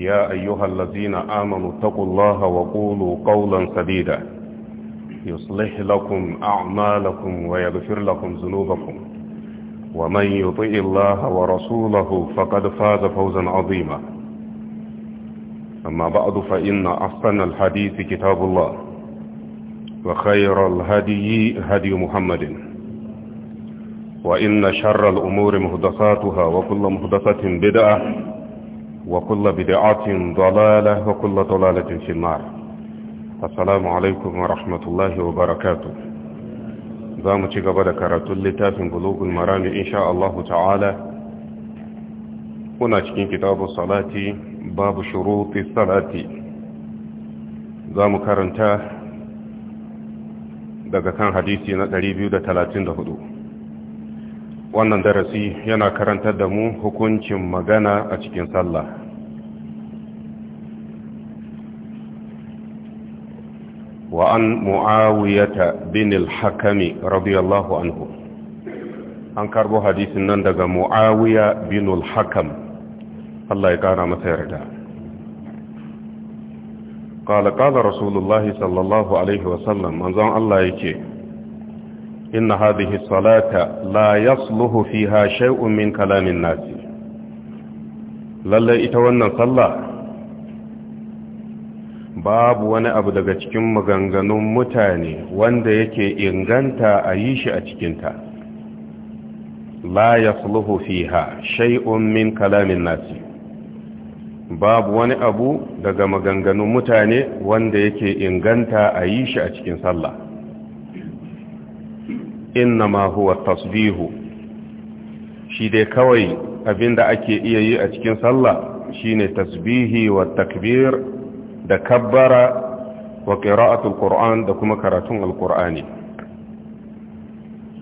يا أيها الذين آمنوا اتقوا الله وقولوا قولا سديدا يصلح لكم أعمالكم ويغفر لكم ذنوبكم ومن يطئ الله ورسوله فقد فاز فوزا عظيما أما بعد فإن أحسن الحديث كتاب الله وخير الهدي هدي محمد وإن شر الأمور مهدساتها وكل مهدسة بدأة وكل بدعة ضلالة وكل ضلالة في النار السلام عليكم ورحمة الله وبركاته زامو تشيغا بدا كاراتو لتاف بلوغ المرام إن شاء الله تعالى هنا تشكين كتاب الصلاة باب شروط الصلاة زامو كارنتا daga kan hadisi na 234 wannan darasi yana karantar da mu hukuncin magana a cikin sallah wa an mu'awiyata bin al-hakami radiyallahu anhu an karbo hadisin nan daga mu'awiya bin al-hakam Allah ya kara masa yarda قال قال رسول الله صلى الله عليه وسلم منظم الله يكي inna hadhihi salata la yasluhu fiha shay'un min kalamin nas lalle ita wannan sallah babu wani abu daga cikin maganganun mutane wanda yake inganta a yi shi a cikinta la yasluhu fiha shay'un min kalamin nasi babu wani abu daga maganganun mutane wanda yake inganta a yi shi a cikin sallah innama huwa tasbihu shi dai kawai abinda ake iya yi a cikin sallah shine tasbihi wa takbir da kabbara wa qira'atul qur'an da kuma karatun alqur'ani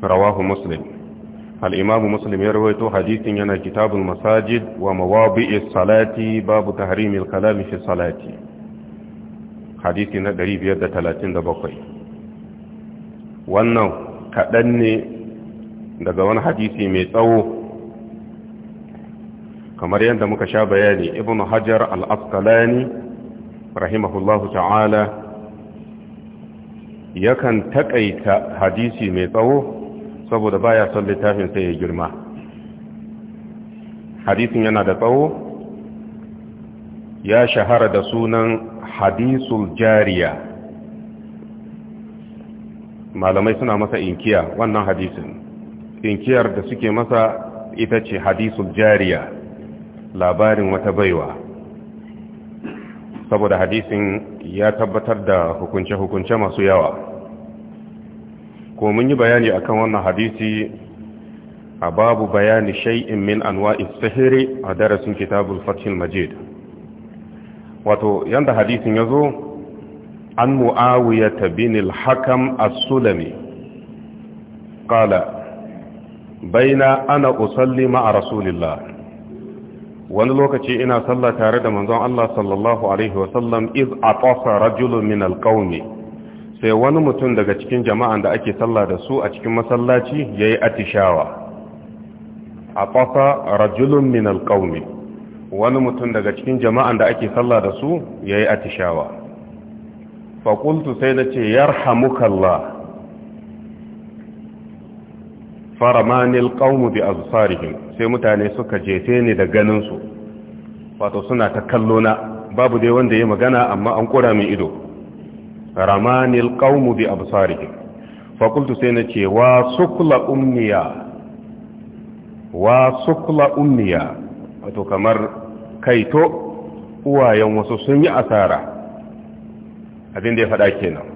rawahu muslim al-imam muslim ya rawaito hadithin yana kitabul masajid wa mawadi'is salati babu tahrimil kalam fi salati hadithi na 537 wannan kaɗan ne daga wani hadisi mai tsawo kamar yadda muka sha bayani ibn hajar al-asqalani rahimahullahu ta'ala yakan takaita hadisi mai tsawo saboda baya son littafin sai ya girma hadisin yana da tsawo ya shahara da sunan hadisul jariya malamai suna masa inkiya wannan hadisin inkiyar da suke masa ita ce hadisul jariya labarin wata baiwa saboda hadisin ya tabbatar da hukunce-hukunce masu yawa ko mun yi bayani akan wannan hadisi a babu bayani shay'in min anwa'i sihiri a darasin kitabul fathil majid wato yanda hadisin ya zo عن معاوية بن الحكم السلمي قال بين أنا أصلي مع رسول الله wani lokaci ina sallah tare da manzon Allah sallallahu alaihi wasallam iz atasa rajulun min alqaumi sai wani mutum daga cikin jama'an da ake sallah da su a cikin masallaci ya yi atishawa A atasa rajulun min alqaumi wani mutum daga cikin jama'an da ake sallah da su ya yi atishawa fakultu sai na ce yarhamukallah faramanil ƙaunu bi azusarihim sai mutane suka jefe ni da ganinsu wato suna ta kallona babu dai wanda ya magana amma an ƙura min ido ramanil ƙaunu bi azusarihim faƙuntu sai na ce wa sukula umniya wa umniya wato kamar kaito uwayen wasu sun yi asara abin da ya faɗa kenan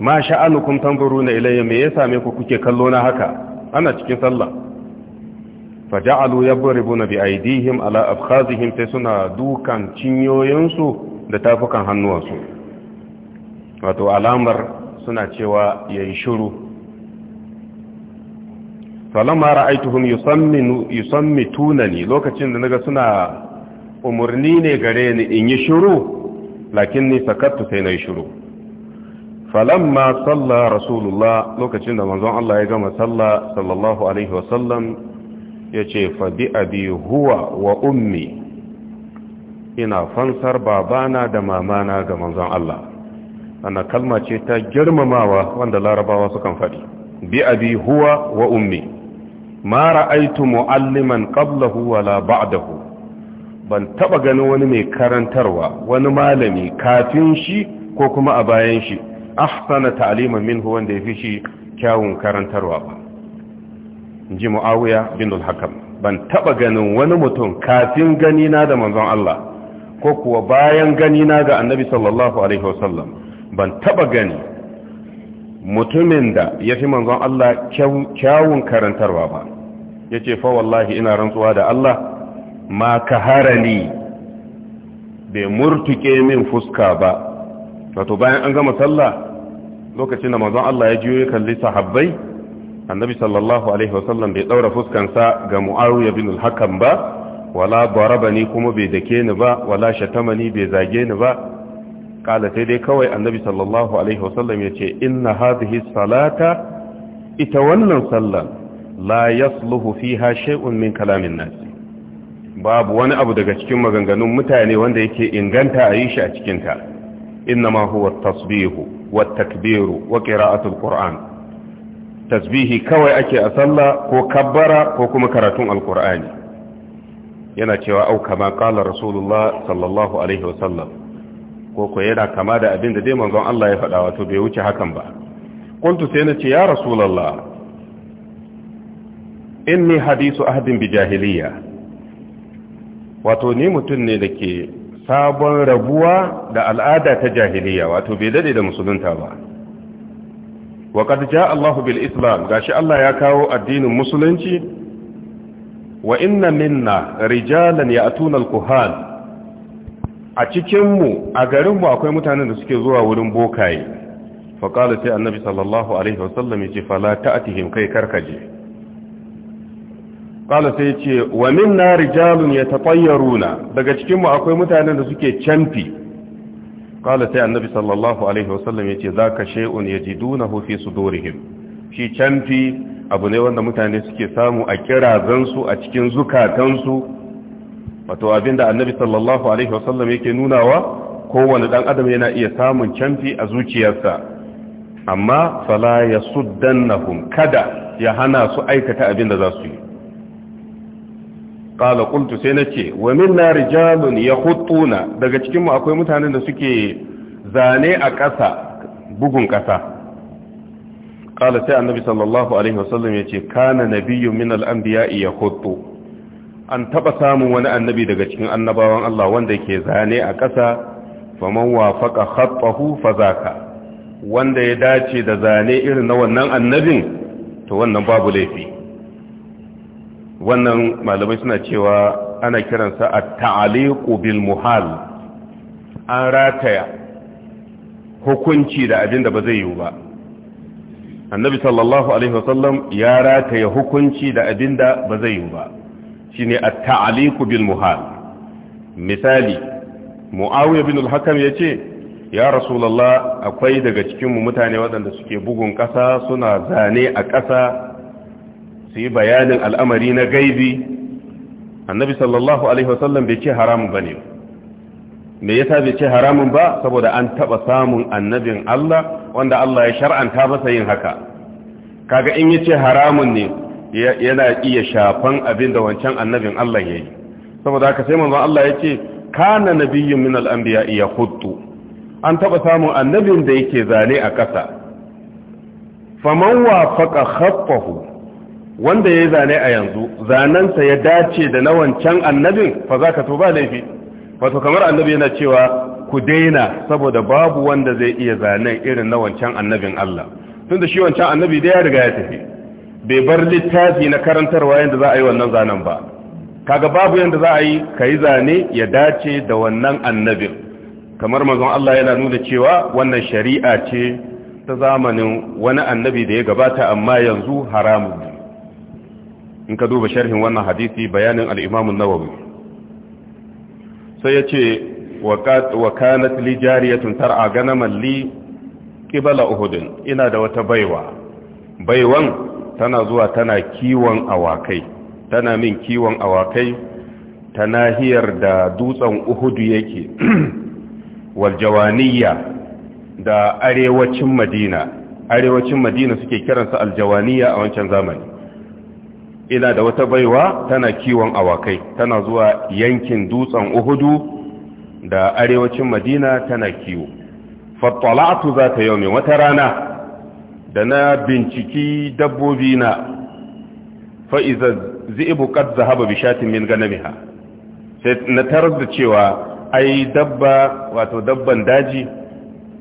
ma sha'anukum na ilayya me ya same ku kuke kallo na haka ana cikin sallah faja'alu yabribuna bi aidihim ala afkhazihim sai suna dukan cinyoyinsu da tafukan hannuwansu wato alamar suna cewa yayi shiru falamma ra'aytuhum yusamminu yusammitunani lokacin da naga suna umarni ne gare ni in yi shiru lakin ni sakattu sai na yi shuru. falamma salla rasulullah lokacin da manzon Allah ya gama salla sallallahu alaihi wasallam ya ce fabi abi huwa wa ummi ina fansar babana da mamana ga manzon Allah ana kalma ce ta girmamawa wanda larabawa sukan faɗi bi abi huwa wa ummi ma ra'aytu mu'alliman qablahu wala ba'dahu ban taba ganin wani mai karantarwa wani malami kafin shi ko kuma a bayan shi ahsana ta'liman minhu wanda yafi shi kyawun karantarwa ba inji muawiya bin al-hakam ban taba ganin wani mutum kafin gani na da manzon Allah ko kuwa bayan gani na ga annabi sallallahu alaihi wasallam ban taba gani mutumin da yafi manzon Allah kyawun karantarwa ba yace fa wallahi ina rantsuwa da Allah ma ka ni? bai murtuke min fuska ba wato bayan an gama sallah lokacin da manzon Allah ya jiyo ya kalli sahabbai annabi sallallahu alaihi wasallam bai daura fuskansa ga mu'awiya bin al-hakam ba wala darabani kuma bai dake ni ba wala shatamani bai zage ni ba kala sai dai kawai annabi sallallahu alaihi wasallam ya ce inna hadhihi salata ita wannan sallah la yasluhu fiha shay'un min kalamin nasi babu wani abu daga cikin maganganun mutane wanda yake inganta a yi shi a cikinta innama huwa tasbihu wa takbiru wa qira'atul qur'an tasbihi kawai ake a sallah ko kabbara ko kuma karatun alqur'ani yana cewa au kama qala rasulullah sallallahu alaihi wa sallam ko ko yana kama da abin da dai manzon Allah ya faɗa wato bai wuce hakan ba kuntu sai na ce ya rasulullah inni hadisu ahdin bi jahiliyya wato ni mutum ne da ke sabon rabuwa da al'ada ta jahiliya wato bai dade da musulunta ba wa qad Allahu bil islam gashi Allah ya kawo addinin musulunci wa inna minna rijalan ya'tuna al kuhan a cikin mu a garin mu akwai mutanen da suke zuwa wurin bokaye fa qala sai annabi sallallahu alaihi wasallam yace fala ta'tihim kai karkaje qala sai ce wa minna rijalun yatatayyaruna daga cikin mu akwai mutanen da suke canfi qala sai annabi sallallahu alaihi wasallam yace zaka shay'un yajidunahu fi sudurihim shi canfi abu ne wanda mutane suke samu a kirazansu a cikin zukatansu wato abinda annabi sallallahu alaihi wasallam yake nunawa kowane dan adam yana iya samun canfi a zuciyarsa amma fala yasuddannahum kada ya hana su aikata abinda za su yi qala qultu sai nace wa minna rijalun yakhuttuna daga cikin mu akwai mutanen da suke zane a ƙasa bugun ƙasa qala sai annabi sallallahu alaihi wasallam yace kana nabiyyu min al-anbiya'i yakhuttu an taba samun wani annabi daga cikin annabawan Allah wanda ke zane a ƙasa faman wafaka khattahu fazaka wanda ya dace da zane irin na wannan annabin to wannan babu laifi wannan malamai suna cewa ana kiransa a ta'aliku bil muhal an rataya hukunci da abinda ba zai yiwu ba annabi sallallahu alaihi wasallam ya rataya hukunci da abinda ba zai yiwu ba shine a ta'aliku bil muhal misali mu'awiyar bin al-hakam ya ce ya rasulallah akwai daga cikinmu mutane waɗanda suke bugun ƙasa suna zane a ƙasa su yi bayanin al'amari na gaibi annabi sallallahu alaihi wasallam bai ce haramun ba ne me yasa bai ce haramun ba saboda an taba samun annabin Allah wanda Allah ya shar'anta masa yin haka kaga in yace haramun ne yana iya shafan abin da wancan annabin Allah yayi saboda haka sai manzon Allah yace kana nabiyyun min al-anbiya yakhuttu an taba samun annabin da yake zane a ƙasa faman wafaqa khaffahu wanda ya yi zane a yanzu zanensa ya dace da na wancan annabin fa za ka to laifi wato kamar annabi yana cewa ku daina saboda babu wanda zai iya zanen irin na wancan annabin Allah tun da shi wancan annabi da ya riga ya tafi bai bar littafi na karantarwa yadda za a yi wannan zanen ba kaga babu yadda za a yi ka yi zane ya dace da wannan annabin kamar mazan Allah yana nuna cewa wannan shari'a ce ta zamanin wani annabi da ya gabata amma yanzu haramun in ka duba sharhin wannan hadisi bayanin al'imamun nawawi sai ya ce wa kanat li jariyatun tar'a ganaman li qibala uhudin ina da wata baiwa baiwan tana zuwa tana kiwon awakai tana min kiwon awakai ta nahiyar da dutsen uhudu yake waljawaniya da arewacin madina arewacin madina suke kiransa aljawaniya a wancan zamani ina da wata baiwa tana kiwon awakai tana zuwa yankin dutsen uhudu da arewacin madina tana kiwo fattala'atu za ta yau wata rana da na binciki dabbobi na fa'iza zi'ibu kad zahaba bi shatin min ganamiha sai na tarar da cewa ai dabba wato dabban daji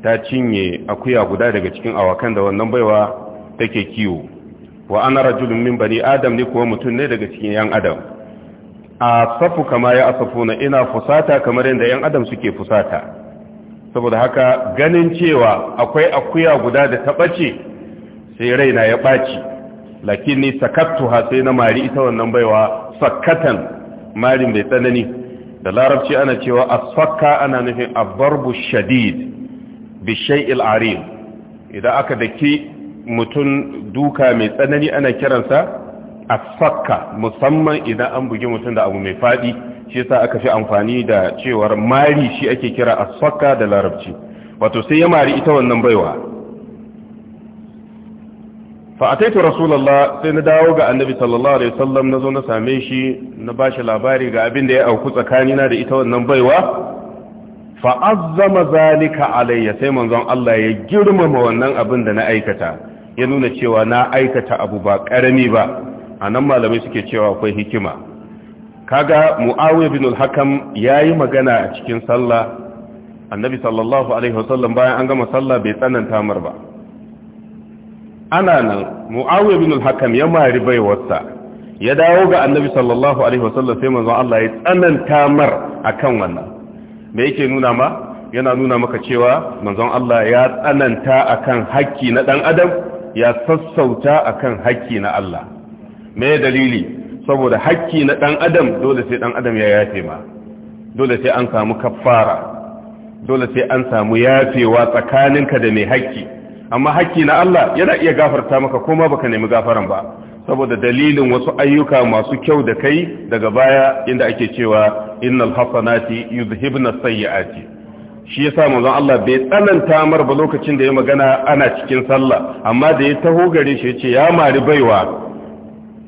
ta cinye akuya guda daga cikin awakan da wannan baiwa take kiwo wa ana rajulun min bani adam ne kuwa mutum ne daga cikin yan adam a safu kama ya asafuna ina fusata kamar yadda yan adam suke fusata saboda haka ganin cewa akwai akuya guda da ta ɓace, sai rai na ya ɓaci ni lakini ha sai na mari ita wannan baiwa sakkatan marin mai tsanani da larabci ana cewa a sakka ana nufin abarbu shadid bishai il'arim idan aka daki mutum duka mai tsanani ana kiransa afakka musamman idan an bugi mutum da abu mai fadi shi yasa aka fi amfani da cewar mari shi ake kira afakka da larabci wato sai ya mari ita wannan baiwa fa ataitu rasulullah sai na dawo ga annabi sallallahu alaihi wasallam nazo na same shi na ba shi labari ga abin da ya auku tsakanina da ita wannan baiwa fa'azzama zalika alayya sai manzon Allah ya girmama wannan abin da na aikata ya nuna cewa na aikata abu ba ƙarami ba a nan malamai suke cewa akwai hikima kaga mu'awiyar bin al-hakam ya yi magana a cikin sallah annabi sallallahu alaihi wasallam bayan an gama sallah bai tsananta mar ba ana nan mu'awiyar bin al-hakam ya mari baiwarsa ya dawo ga annabi sallallahu alaihi wasallam sai manzon Allah ya tsananta mar akan wannan me yake nuna ma yana nuna maka cewa manzon Allah ya tsananta akan haƙƙi na dan adam ya sassauta a kan haƙƙi na Allah me dalili saboda haƙƙi na ɗan adam dole sai ɗan adam ya yafe ma dole sai an samu kaffara dole sai an samu yafewa tsakaninka da mai haƙƙi. amma haƙƙi na Allah yana iya gafarta maka ko koma baka nemi gafaran ba saboda dalilin wasu ayyuka masu kyau da kai daga baya inda ake cewa innal hasanati yuzhibna sayyi'ati shi yasa manzon Allah bai tsananta mar ba lokacin da ya magana ana cikin sallah amma da ya taho gare shi yace ya mari baiwa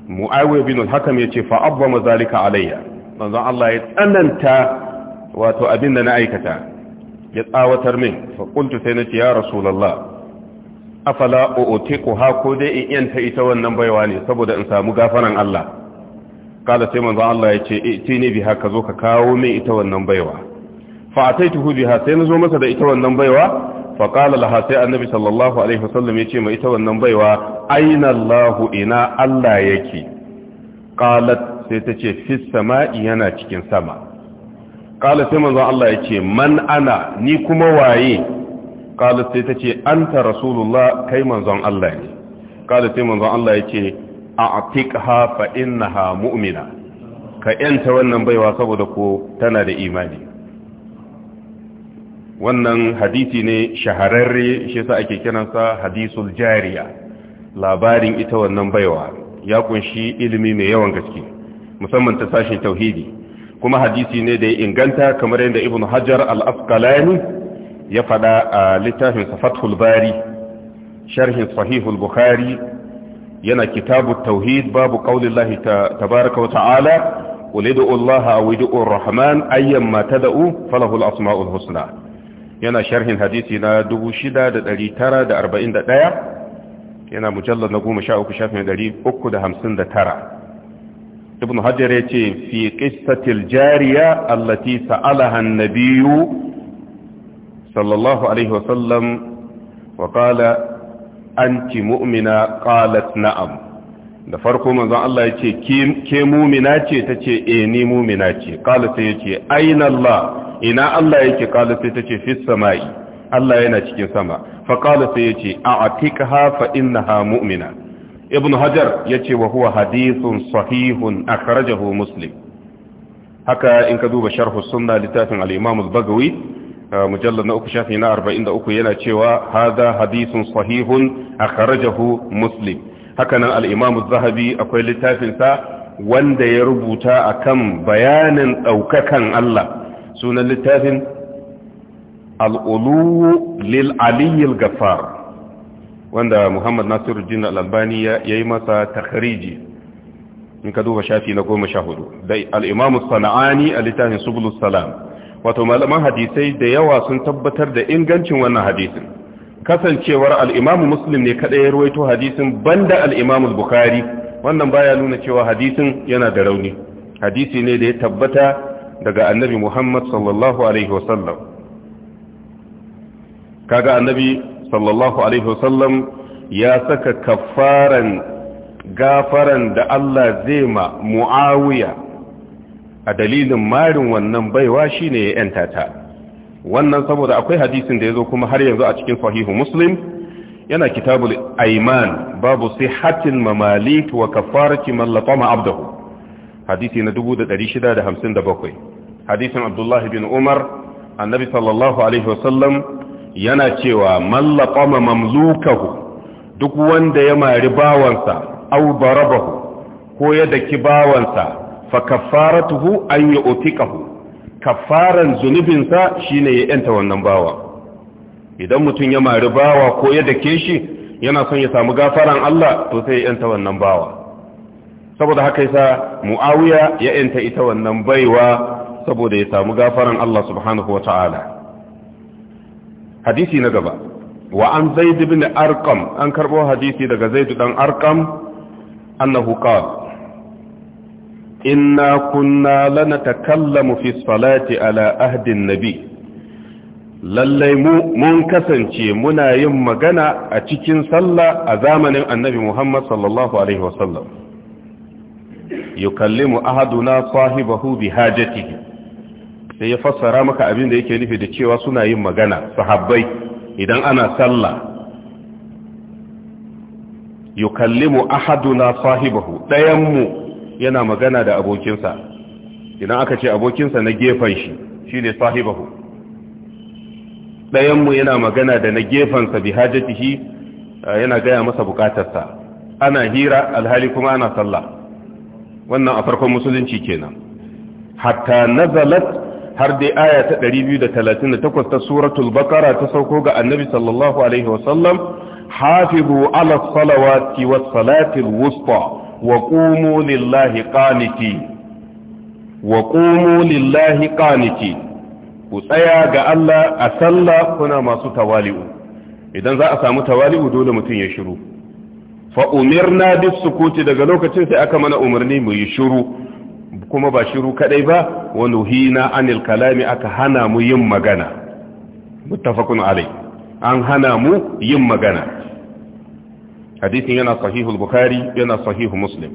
Muawiya bin al-Hakam yace fa abba zalika alayya manzon Allah ya tsananta wato abin da na aikata ya tsawatar min fa sai sai nace ya rasulullah afala u'tiqu ha ko dai in yanta ita wannan baiwa ne saboda in samu gafaran Allah kala sai manzon Allah yace itini bi haka zo ka kawo min ita wannan baiwa fa ataituhu biha sai nazo masa da ita wannan baiwa fa laha sai annabi sallallahu alaihi wasallam yace mai ita wannan baiwa aina ina allah yake Ƙalat sai ta ce sama'i yana cikin sama Ƙalat sai manzo allah yace man ana ni kuma waye Ƙalat sai an anta rasulullah kai manzon allah ne Ƙalat sai manzon allah yace a'tiqha fa ha mu'mina ka yanta wannan baiwa saboda ko tana da imani wannan hadisi ne shahararre shi yasa ake kiransa hadisul jariya labarin ita wannan baiwa ya kunshi ilimi mai yawan gaske musamman ta sashin tauhidi kuma hadisi ne da ya inganta kamar yadda ibn hajar al-asqalani ya fada a littafin fathul bari sharhin sahihul bukhari yana kitabut tauhid babu qaulillahi tabaaraka wa ta'ala qul ud'u allaha aw ud'u ar-rahman ayyamma tad'u falahu al-asma'ul husna yana sharhin hadisi na 6941 yana mujallar na 13 shafin 359 ibn hajar ya ce fi ƙistatil jariya allati sa'alahan nabiyu sallallahu alaihi wasallam wa ƙala anti mu'mina ƙalat na'am da farko manzon Allah ce ke mumina ce ce eh ni mumina ce qala sai ce aina Allah ina Allah yake qala sai ce fis samai Allah yana cikin sama fa qala sai yace a'tikha fa innaha mu'mina ibn hajar ya ce wa huwa hadithun sahihun akhrajahu muslim haka in ka duba sharh sunna littafin al-imam al-bagawi mujallad na uku shafi na 43 yana cewa hadha hadithun sahihun akhrajahu muslim hakanan al'imamu zahabi akwai littafinsa wanda ya rubuta akan bayanin ɗaukakan Allah sunan littafin al'ulu lil'aliyyar gafar wanda muhammad nasiru jina al'albani ya yi masa takhariji in ka duba shafi na goma sha hudu da al'imamu sana'ani a littafin subulus salam wato malaman hadisai da yawa sun tabbatar da ingancin wannan hadisin kasancewar al'imamu muslim ne kaɗai ya ruwaito hadisin banda al'imamu bukhari. wannan baya nuna cewa hadisin yana da rauni hadisi ne da ya tabbata daga annabi muhammad sallallahu alaihi wasallam kaga annabi sallallahu alaihi wasallam ya saka kafaran gafaran da allah zai ma mu'awiya a dalilin marin wannan baiwa shine ya 'yanta ta wannan saboda akwai hadisin da ya zo kuma har yanzu a cikin sahihu muslim yana kitabul aiman babu sihhatin mamalik wa kafarati man latama abdahu hadisi na 1657 hadisin abdullahi bin umar annabi sallallahu alaihi wasallam yana cewa man latama mamlukahu duk wanda ya mari bawansa aw barabahu ko ya daki bawansa fa kafaratuhu an yu'tikahu kafaran zunubinsa shine ya yanta wannan bawa idan mutum ya mari bawa ko ya dake shi yana son ya samu gafaran Allah to sai ya yanta wannan bawa saboda haka yasa Muawiya ya yanta ita wannan baiwa saboda ya samu gafaran Allah subhanahu ta'ala hadisi na gaba wa an zaid ibn arqam an karbo hadisi daga zaid dan arqam annahu qala inna kunna lanatakallamu fi salati ala ahdin nabi lallai mu mun kasance muna yin magana a cikin sallah a zamanin annabi Muhammad sallallahu alaihi wasallam yukallimu ahaduna sahibahu bi hajatihi sai ya fassara maka abin da yake nufi da cewa suna yin magana sahabbai idan ana sallah yukallimu ahaduna sahibahu dayan mu yana magana da abokinsa idan aka ce abokinsa na gefen shi shine sahibahu dayan mu yana magana da na sa bi hajatihi eh, yana gaya masa bukatarsa ana hira alhali kuma ana sallah wannan a farkon musulunci kenan hatta nazalat har dai aya ta 238 ta suratul bakara ta sauko ga annabi sallallahu alaihi wasallam hafizu ala salawati was salatil wusta wa qumu lillahi qaniti wa lillahi ku tsaya ga Allah a sallah kuna masu tawali'u idan za a samu tawali'u dole mutum ya shiru fa umirna bis sukuti daga lokacin sai aka mana umarni mu yi shiru kuma ba shiru kadai ba wa nuhina anil kalami aka hana mu yin magana muttafaqun alai an hana mu yin magana hadisin yana sahihul bukhari yana sahihu muslim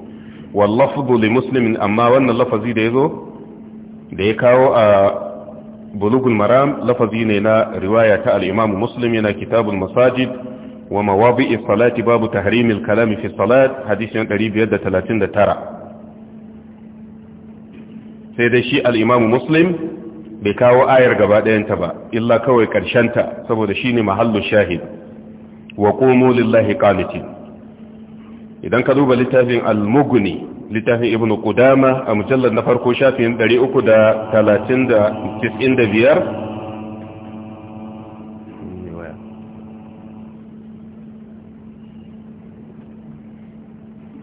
wallafdu li muslimin amma wannan lafazi da yazo da ya kawo a bulugul maram lafazi ne na riwaya ta al-imam muslim yana kitabul masajid wa mawadi'i salati babu tahrimil kalami fi salat hadisin tara sai dai shi al'imamu muslim bai kawo ayar gaba ɗayanta ba illa kawai ta saboda shi ne mahallin shahid wa ƙomo lillahi ƙalitin idan ka duba littafin al muguni littafin ibn qudama a mujallar na farko shafin 335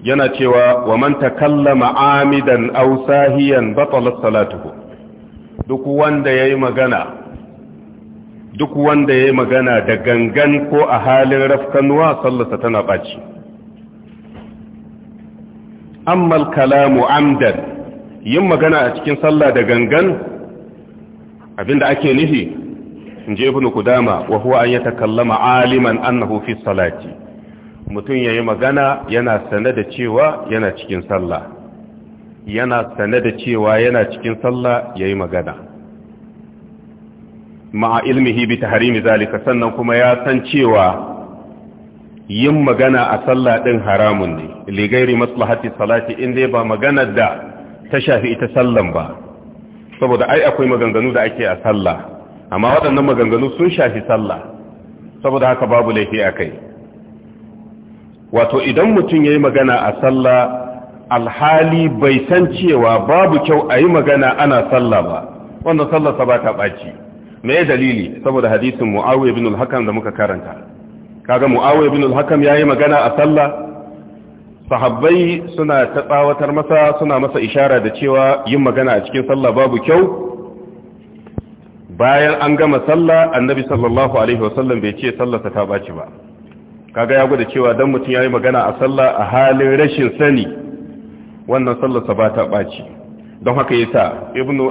yana cewa wa man takallama amidan aw sahiyan batalat salatuhu duk wanda yayi magana duk wanda yayi magana da gangan ko a halin rafkanuwa sallarsa tana baci ammal kalamu amdan yin magana a cikin sallah da gangan abinda ake nihi in je ibn kudama wa huwa an yatakallama aliman annahu fi salati mutum yayi magana yana sane da cewa yana cikin sallah yana sane da cewa yana cikin sallah yayi magana ma'a ilmihi bi tahrimi zalika sannan kuma ya san cewa yin magana a sallah din haramun ne ligairi maslahati salati in dai ba magana da ta shafi ita sallan ba saboda ai akwai maganganu da ake a sallah amma waɗannan maganganu sun shafi sallah saboda haka babu laifi a kai wato idan mutum ya yi magana a sallah alhali bai san cewa babu kyau a yi magana ana sallah ba wanda sallarsa ba ta ɓaci me dalili saboda hadisin mu'awiyar bin hakan da muka karanta kaga mu'awiyah bin al-hakam yayi magana a sallah sahabbai suna ta tsawatar masa suna masa ishara da cewa yin magana a cikin sallah babu kyau bayan an gama sallah annabi sallallahu alaihi wasallam bai ce sallarsa ta ɓaci ba kaga ya gwada cewa dan mutum yayi magana a sallah a halin rashin sani wannan sallarsa ba ta baci don haka yasa ibnu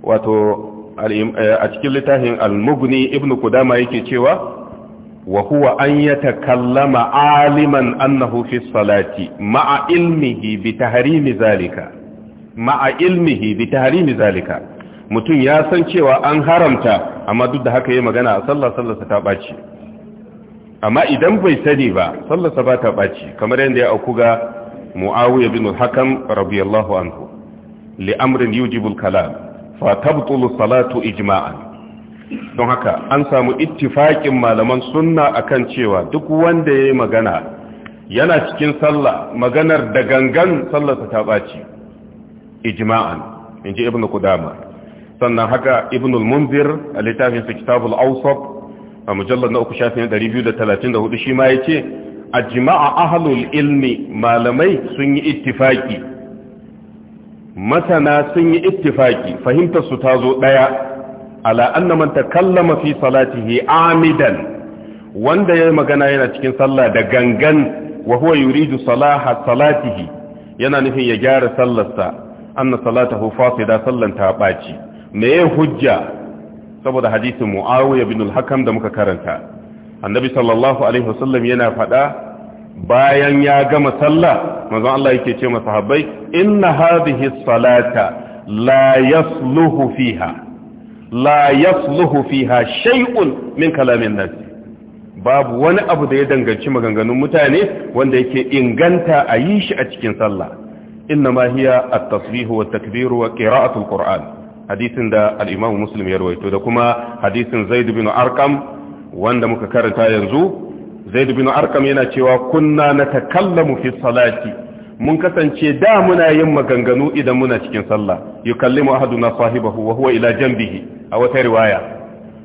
wato a cikin littafin al-mughni ibnu Kudama yake cewa wa huwa an yatakallama aliman annahu fi salati ma'a ilmihi bi tahrimi zalika zalika mutum ya san cewa an haramta amma duk da haka yayi magana a sallah sallarsa ta baci amma idan bai sani ba sallarsa ba ta baci kamar yadda ya auku ga Muawiya bin al-Hakam radiyallahu anhu li amrin yujibu al-kalam fa tabtulu salatu ijma'an don haka an samu ittifaƙin malaman sunna akan cewa duk wanda ya yi magana yana cikin sallah maganar da gangan sallarsa ta ɓaci ijma'an in ji ibn kudama sannan haka ibn al-munzir a littafin su kitabul Ausaf, a mujallar na uku shafin 234 shi ma ya ce a jima'a ahalul ilmi malamai sun yi ittifaƙi masana sun yi ittifaƙi fahimtarsu ta zo ɗaya ala anna man takallama fi salatihi amidan wanda yayi magana yana cikin sallah da gangan wa huwa yuridu salaha salatihi yana nufin ya gyara sallarsa anna salatahu fasida sallan ta baci me ya hujja saboda hadisin muawiya bin al-hakam da muka karanta annabi sallallahu alaihi wasallam yana fada bayan ya gama sallah manzon Allah yake ce sahabbai inna hadhihi salata la yasluhu fiha la yasluhu fiha shay'un min kalamin nas babu wani abu da ya danganci maganganun mutane wanda yake inganta a yi shi a cikin sallah inna ma hiya at-tasbihu wat-takbiru wa qira'atu al-qur'an hadisin da al-imam muslim ya rawaito da kuma hadisin zaid bin arqam wanda muka karanta yanzu zaid bin arqam yana cewa kunna natakallamu fi salati mun kasance da muna yin maganganu idan muna cikin sallah yukallimu ahaduna sahibahu wa huwa ila janbihi a wata riwaya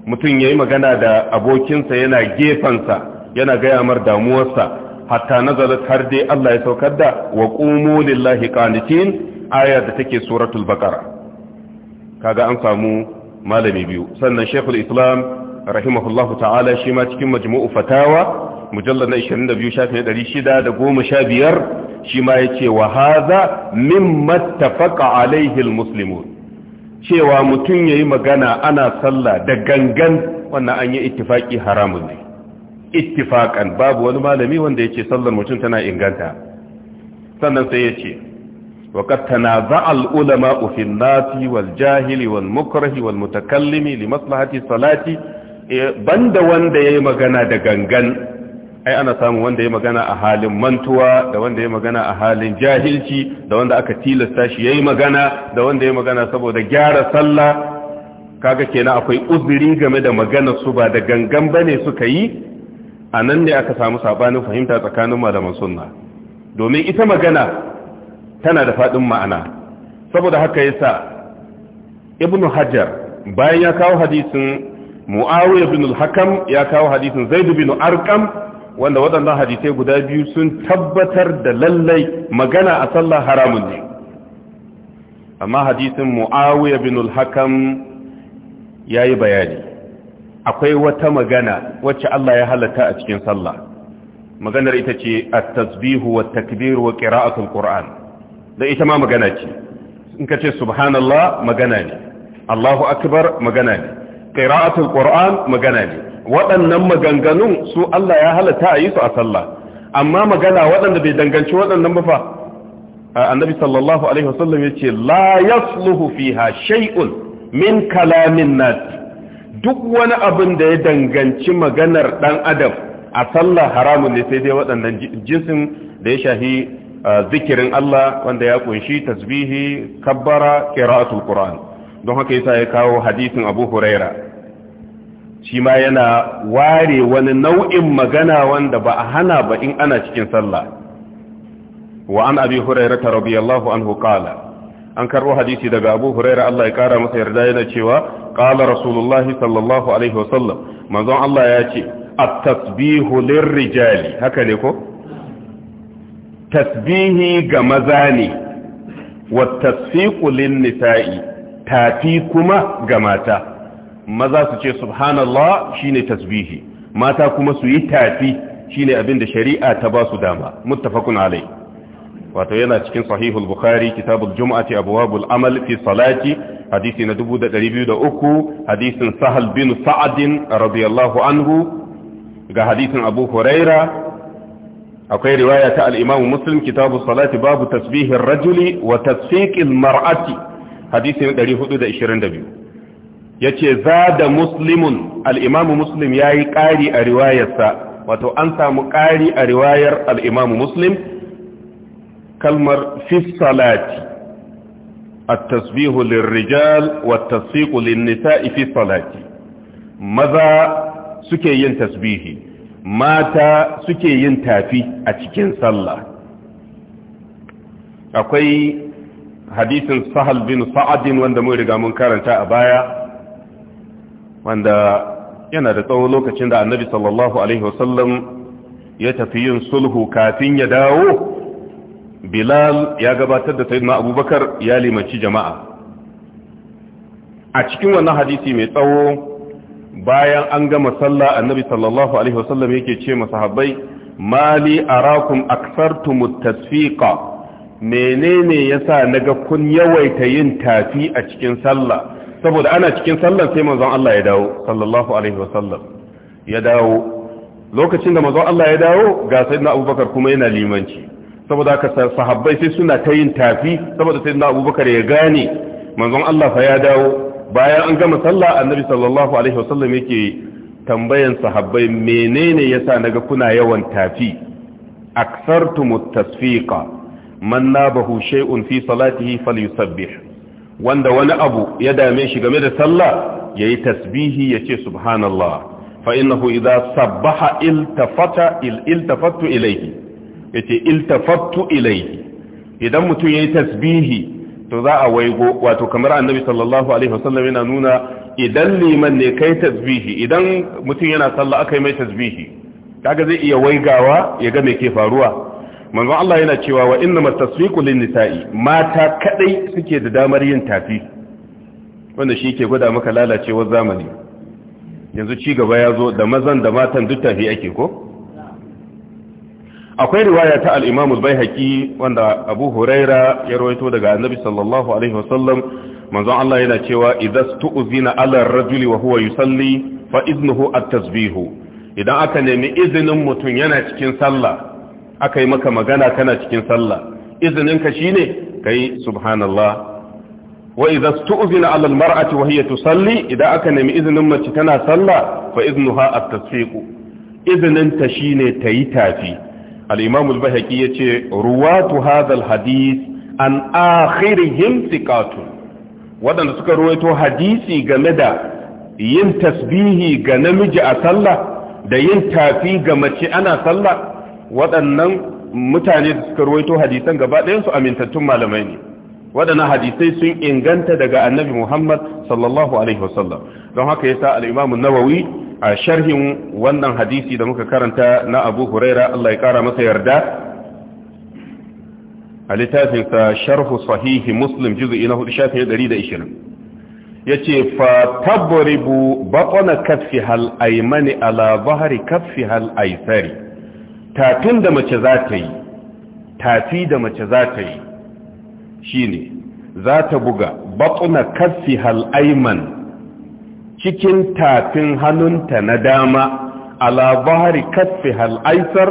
mutum ya yi magana da abokinsa yana gefensa yana gaya mar damuwarsa hatta nazalat har dai Allah ya saukar da wa qumu lillahi qanitin aya da take suratul baqara kaga an samu malami biyu sannan shaykhul islam rahimahullahu ta'ala shi ma cikin majmu'u fatawa mujallar na 22 sha 615 shi ma yace wa hadha mimma tafaqa alaihi almuslimun cewa mutum ya yi magana ana sallah da gangan wannan an yi ittifaki haramun ne ittifakan babu wani malami wanda ya ce sallar mutum tana inganta sannan sai ya ce وقد wal jahili في الناس والجاهل والمكره والمتكلم salati. الصلاة eh, banda wanda ya yi magana da gangan ai ana samun wanda ya magana a halin mantuwa da wanda ya magana a halin jahilci da wanda aka tilasta shi yayi magana da wanda ya magana saboda gyara sallah kaga kenan akwai uzuri game da maganar su ba da gangan bane suka yi anan ne aka samu sabanin fahimta tsakanin malaman sunna domin ita magana tana da faɗin ma'ana saboda haka yasa ibnu hajar bayan ya kawo hadisin muawiya bin al-hakam ya kawo hadisin zaid bin arqam wanda waɗannan hadisai guda biyu sun tabbatar da lallai magana a sallah haramun ne amma hadisin mu'awiya bin al-hakam yayi bayani akwai wata magana wacce Allah ya halatta a cikin sallah maganar ita ce a tasbihu wa takbir wa qira'atul qur'an da ita ma magana ce in ka ce subhanallah magana ne Allahu akbar magana ne qira'atul qur'an magana ne waɗannan maganganun su Allah ya halatta a yi su a sallah amma magana waɗanda bai danganci waɗannan ba fa annabi sallallahu alaihi wasallam ya ce la yasluhu fiha shay'un min kalamin nas duk wani abin da ya danganci maganar dan adam a sallah haramun ne sai dai waɗannan jinsin da ya shahi zikirin Allah wanda ya kunshi tasbihi kabbara qira'atul qur'an don haka yasa ya kawo hadisin Abu Huraira shi ma yana ware wani nau'in magana wanda ba a hana ba in ana cikin sallah wa an abi hurairah radiyallahu anhu qala an karbo hadisi daga abu huraira Allah ya kara masa yarda yana cewa qala rasulullahi sallallahu alaihi wasallam manzon Allah ya ce a tasbihu lirrijali haka ne ko tasbihi ga maza ne wa tasfiqu lin-nisa'i tafi kuma ga mata maza su ce subhanallah shine tasbihi mata kuma su yi tafi shine abin da shari'a ta ba su dama muttafaqun alai wato yana cikin sahihul bukhari kitabul jumu'ati abwabul amal fi salati hadisi na 2203 hadisin sahal bin sa'adin radiyallahu anhu ga hadisin abu huraira akwai riwaya ta al-imam muslim kitabus salati babu tasbihir rajuli wa tasfiqil mar'ati hadisi na 422 yace da muslimun al-imamu muslim yayi ƙari a riwayarsa wato an samu ƙari a riwayar al-imamu muslim kalmar fi salati at-tasbihu lir-rijal wat-tasfiqu lin-nisa'i fi salati maza suke yin tasbihi mata suke yin tafi a cikin sallah akwai hadisin sahal bin sa'adin wanda mu riga mun karanta a baya wanda yana da tsawon lokacin da annabi sallallahu alaihi wasallam ya tafi yin sulhu kafin ya dawo bilal ya gabatar da sayyidina abubakar ya limanci jama'a a cikin wannan hadisi mai tsawo bayan an gama sallah annabi sallallahu alaihi wasallam yake ce masahabbai mali arakum aksartumut tasfiqa menene yasa naga kun yawaita yin tafi a cikin sallah saboda ana cikin sallar sai manzon Allah ya dawo sallallahu alaihi wasallam ya dawo lokacin da manzon Allah ya dawo ga sayyidina abubakar kuma yana limanci saboda haka sahabbai sai suna ta yin tafi saboda sayyidina abubakar ya gane manzon Allah fa ya dawo bayan an gama sallah annabi sallallahu alaihi wasallam yake tambayan sahabbai menene yasa naga kuna yawan tafi aksartumut tasfiqa man nabahu shay'un fi salatihi falyusabbih wanda wani abu ya dame shi game da sallah yayi tasbihi yace subhanallah fa innahu idza sabbaha iltafata iltafattu ilayhi yace iltafattu ilaihi idan mutum yayi tasbihi to za a waigo wato kamar annabi sallallahu alaihi wasallam yana nuna idan liman ne kai tasbihi idan mutum yana sallah yi mai tasbihi kaga zai iya waigawa ya ga me ke faruwa manzo Allah yana cewa wa inna matasfiqu lin nisa'i mata kadai suke da damar yin tafi wanda shi ke gwada maka lalacewar zamani yanzu ci gaba ya zo da mazan da matan duk tafi ake ko akwai riwaya ta al-Imam al-Baihaqi wanda Abu Huraira ya rawaito daga Annabi sallallahu alaihi wasallam manzon Allah yana cewa idza tu'zina ala ar-rajuli wa huwa yusalli fa idnuhu at-tasbihu idan aka nemi izinin mutum yana cikin sallah aka yi maka magana kana cikin sallah izininka shine kai subhanallah wa idza stu'zina 'ala al-mar'ati wa hiya tusalli idan aka nemi izinin mace tana sallah fa iznuha at-tasfiq izinin ta shine tayi tafi al-imam al-bahaqi yace ruwatu hadha al-hadith an akhirihim thiqatun wadanda suka ruwaito hadisi game da yin tasbihi ga namiji a sallah da yin tafi ga mace ana sallah waɗannan mutane da suka ruwaito hadisan gaba ɗayan su amintattun malamai ne waɗannan hadisai sun inganta daga annabi Muhammad sallallahu alaihi wasallam don haka ya sa al'imamin nawawi a sharhin wannan hadisi da muka karanta na Abu Huraira Allah ya kara masa yarda a littafin sa sharhu sahihi Muslim juz'i na Ya yace fa bu batna kaffiha al-aymani ala dhahri kaffiha al-aysari tatin da mace za ta yi tafi da mace za ta yi shine za ta buga baƙuna kaffi hal'aiman cikin tafin hannunta na dama ala bahari kaffi hal'aisar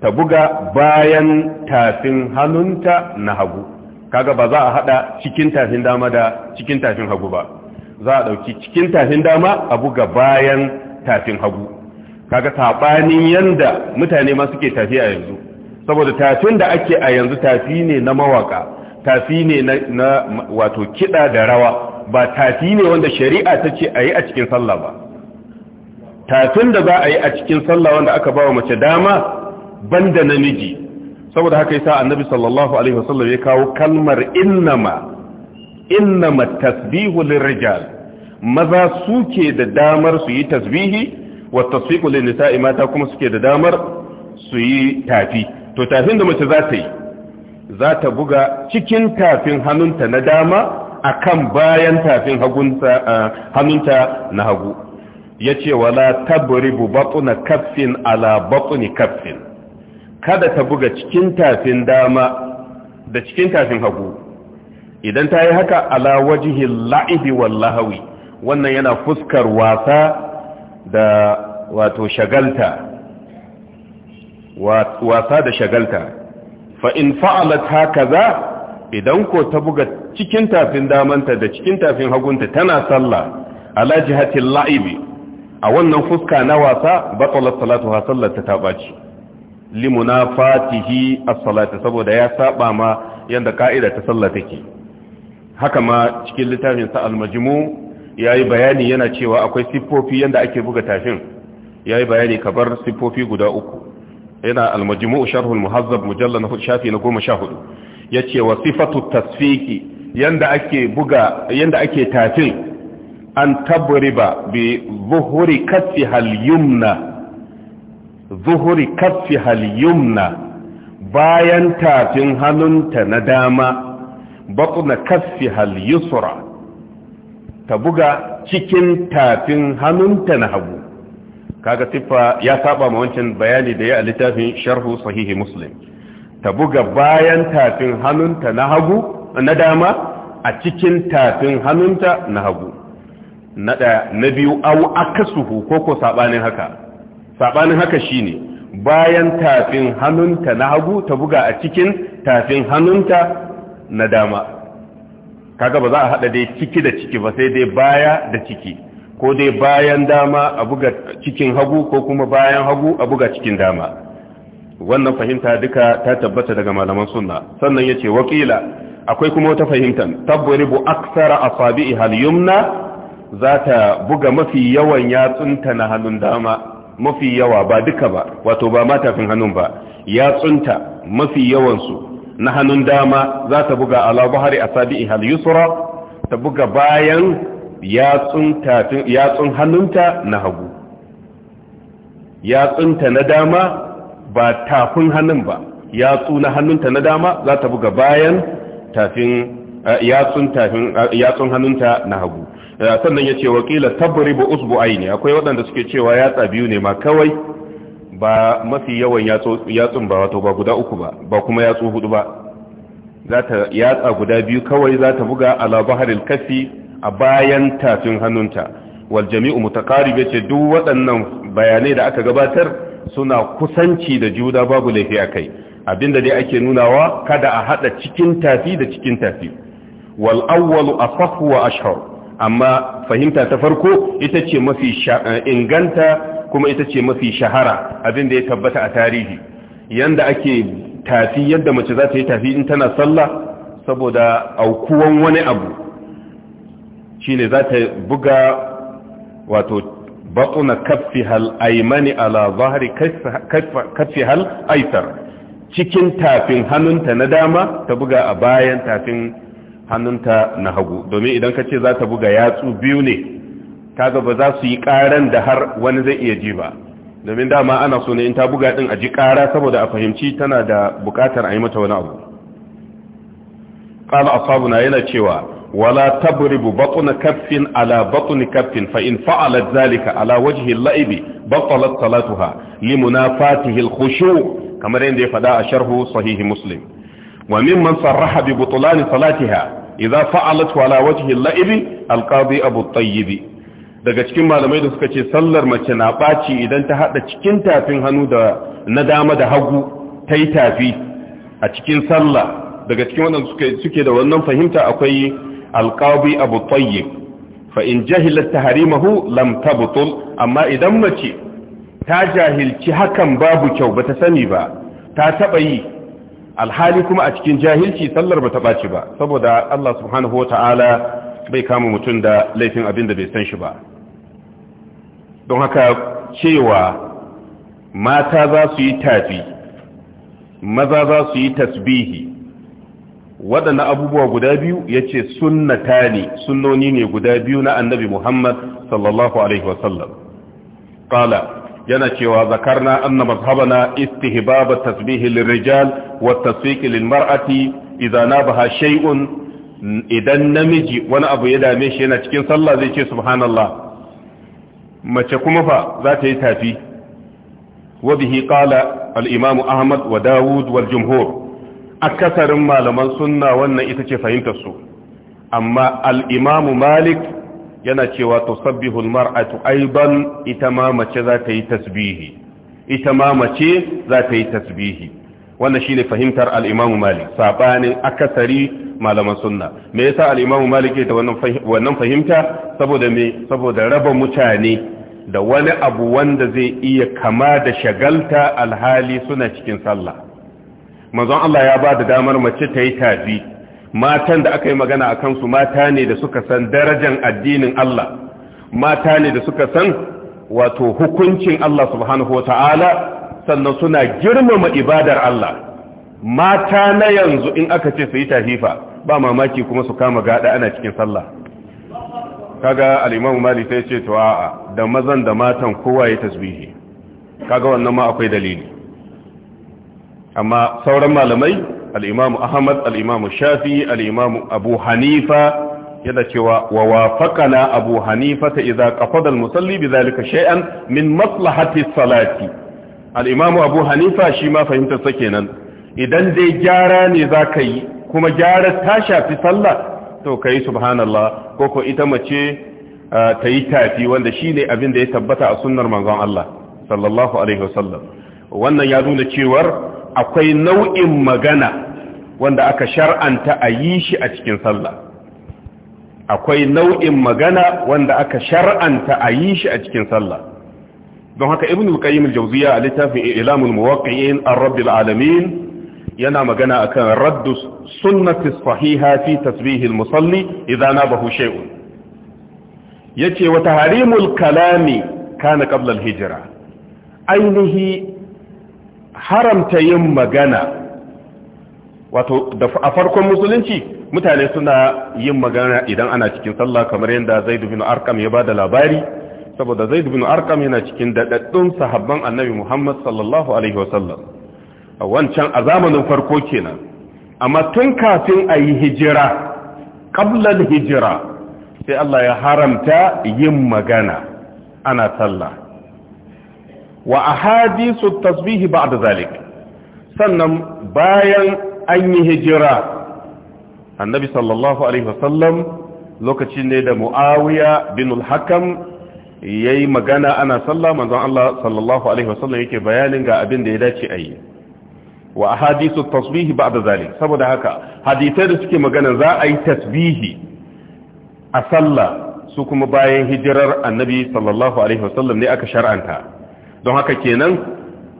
ta buga bayan tafin hannunta na hagu kaga ba za a hada cikin tafin dama da cikin tafin hagu ba za a dauki cikin tafin dama a buga bayan tafin hagu kaga sabanin yanda mutane ma suke tafi a yanzu saboda tafin da ake a yanzu tafi ne na mawaka tafi ne na wato kida da rawa ba tafi ne wanda shari'a ta ce a yi a cikin sallah ba tafin da za a yi a cikin sallah wanda aka ba wa mace dama banda namiji saboda haka yasa annabi sallallahu alaihi wasallam ya kawo kalmar innama innama tasbihu lirrijal maza suke da damar su yi tasbihi wa tasfiqu lin mata kuma suke da damar su yi tafi to tafin da mace za ta yi za ta buga cikin tafin hannunta na dama akan bayan tafin hannunta na hagu yace wala tabribu batna kaffin ala batni kaffin kada ta buga cikin tafin dama da cikin tafin hagu idan ta yi haka ala wajihin la'ibi wallahawi wannan yana fuskar wasa da wato shagalta wasa da shagalta fain in fa'alat hakaza idan ko ta buga cikin tafin damanta da cikin tafin hagunta tana sallah ala hatin la'ibi a wannan fuska na wasa salatu ha sallata ta baci limunafatihi as-salata saboda ya saba ma yadda ka'ida ta sallah take haka ma cikin littafin sa ya yi bayani yana cewa akwai siffofi yadda ake buga tashin ya yi bayani kabar siffofi guda uku yana almajimu sharhul muhazzab mujallar na shafi na goma sha hudu ya ce wa sifatu tasfiki yadda ake buga yadda ake tafin an ba bi zuhuri kaffi halyumna yumna zuhuri kaffi yumna bayan tafin hannunta na dama batna kaffi hal yusra ta buga cikin tafin hannunta na hagu kaga siffa ya saba ma wancan bayani da ya a littafin sharhu sahihi muslim ta buga bayan tafin hannunta na hagu na dama a cikin tafin hannunta na hagu na ɗaya na biyu au akasuhu ko ko sabanin haka sabanin haka shine bayan tafin hannunta na hagu ta buga a cikin tafin hannunta na dama kaga ba za a hada dai ciki da ciki ba sai dai baya da ciki ko dai bayan dama a buga cikin hagu ko kuma bayan hagu a buga cikin dama wannan fahimta duka ta tabbata daga malaman sunna sannan yace wakila akwai kuma wata fahimta tabribu aksara asabi'i hal yumna za ta buga mafi yawan yatsunta na hannun dama mafi yawa ba duka ba wato ba matafin hannun ba yatsunta mafi yawansu na hannun dama za ta buga ala buhari asabi'i hal yusra ta buga bayan yatsun hannunta na hagu yatsunta na dama ba tafin hannun ba yatsu na hannunta na dama za ta buga bayan tafin eh, eh, yatsun hannunta na hagu eh, sannan ya ce wakila usbu aini akwai waɗanda suke cewa yatsa biyu ne ma kawai ba mafi yawan yatsun ba wato ba guda uku ba ba kuma yatsu hudu ba za ta yatsa guda biyu kawai za ta buga ala baharil kafi a bayan tafin hannunta wal jami'u mutaqarib yace duk waɗannan bayanai da aka gabatar suna kusanci da juda babu laifi akai abinda dai ake nunawa kada a hada cikin tafi da cikin tafi wal awwalu asah wa ashhar amma fahimta ta farko ita ce mafi eh, inganta kuma ita ce mafi shahara abin da ya tabbata a tarihi yanda ake tafi yadda mace za ta yi tafi in tana sallah saboda aukuwan wani abu shine za ta buga wato batsuna kaffihal aimani ala zahari hal aitar cikin tafin hannunta na dama ta buga a bayan tafin hannunta na hagu domin idan ka ce za ta buga yatsu biyu ne kaga ba za su yi karan da har wani zai iya ji ba domin dama ana so ne in ta buga din a ji kara saboda a fahimci tana da bukatar a yi mata wani abu asabu na yana cewa wala tabribu batna kaffin ala batni kaffin fa in fa'alat zalika ala wajhi laibi batalat salatuha limunafatihi al-khushu' kamar yadda ya fada a sharhu sahih muslim wa mimman sarraha bi butlan salatiha idza fa'alat wala wajhi al-la'ibi al-qadi abu tayyib daga cikin malamai da suka ce sallar mace na baci idan ta hada cikin tafin hannu da na dama da hagu tai tafi a cikin sallah daga cikin wannan suke suke da wannan fahimta akwai al-qadi abu tayyib fa in jahilat tahrimahu lam tabtul amma idan mace ta jahilci hakan babu kyau bata sani ba ta taba yi alhali kuma a cikin jahilci sallar ba ta ɓaci ba saboda Allah subhanahu wa ta'ala bai kama mutum da laifin abin da bai san shi ba don haka cewa mata za su yi tafi maza za su yi tasbihi waɗannan abubuwa guda biyu ya ce sunnata ne sunnoni ne guda biyu na annabi muhammad sallallahu alaihi wasallam ƙala yana cewa zakarna anna mazhabana istihbab at-tasbih lirijal wa at-tasfiq lilmar'ati idza nabaha shay'un idan namiji wani abu ya dame shi yana cikin sallah zai ce subhanallah mace kuma fa za ta yi tafi wa bihi qala al-imam ahmad wa daud wal jumhur akasarin malaman sunna wannan ita ce fahimtar su amma al-imam malik yana cewa tusabbihul a tu'aiban ita ma mace za ta yi tasbihi ita ma mace za ta yi tasbihi wannan ne fahimtar al Malik sabanin akasari malaman sunna me yasa al-Imam Malik ke da wannan fahimta saboda saboda raba mutane da wani abu wanda zai iya kama da shagalta alhali suna cikin sallah manzon Allah ya ba da damar mace ta yi tafi matan da aka yi magana a kansu mata ne da suka san darajan addinin Allah mata ne da suka san wato hukuncin Allah subhanahu wa ta'ala sannan suna girmama ibadar Allah mata na yanzu in aka ce su yi tahifa ba mamaki kuma su kama gada ana cikin sallah kaga al-imam Malik sai ce to a'a da mazan da matan kowa ya tasbihi kaga wannan ma akwai dalili amma sauran malamai al'imamu ahmad al'imamu shafi al'imamu abu hanifa yana cewa wa na abu hanifa ta idza qafada al-musalli bi zalika shay'an min maslahati salati al'imamu abu hanifa shi ma fahimtar sa kenan idan dai gyara ne zaka yi kuma gyara ta shafi sallah to kai subhanallah ko ko ita mace ta yi tafi wanda shine abin da ya tabbata a sunnar manzon Allah sallallahu alaihi wasallam wannan ya nuna cewar akwai nau'in magana wanda aka shar'anta a yi shi a cikin sallah akwai nau'in magana wanda aka shar'anta a yi shi a cikin sallah don haka ibn al-qayyim al a littafin ilamul muwaqqi'in ar-rabbil alamin yana magana akan raddu sunnati sahiha fi tasbih al-musalli idza nabahu shay'un yace wa harimul kalami kana qabla al-hijra ainihi haramta yin magana wato a farkon musulunci mutane suna yin magana idan ana cikin sallah kamar yadda zai bin arkam ya da labari saboda zai bin arkam yana cikin daɗaɗɗun sahabban annabi muhammad sallallahu alaihi wasallam a wancan a zamanin farko kenan amma tun kafin a yi hijira ƙablar hijira sai Allah ya haramta yin magana ana sallah wa ahadisu tasbihi da zalik sannan bayan an yi hijira annabi sallallahu alaihi wasallam lokacin ne da muawiya bin al-hakam yayi magana ana sallah manzan Allah sallallahu alaihi wasallam yake bayanin ga abin da ya dace a yi wa ahadisu tasbihi da zalik saboda haka hadisai da suke magana za a yi tasbihi a sallah su kuma bayan hijirar annabi sallallahu alaihi wasallam ne aka shar'anta don haka kenan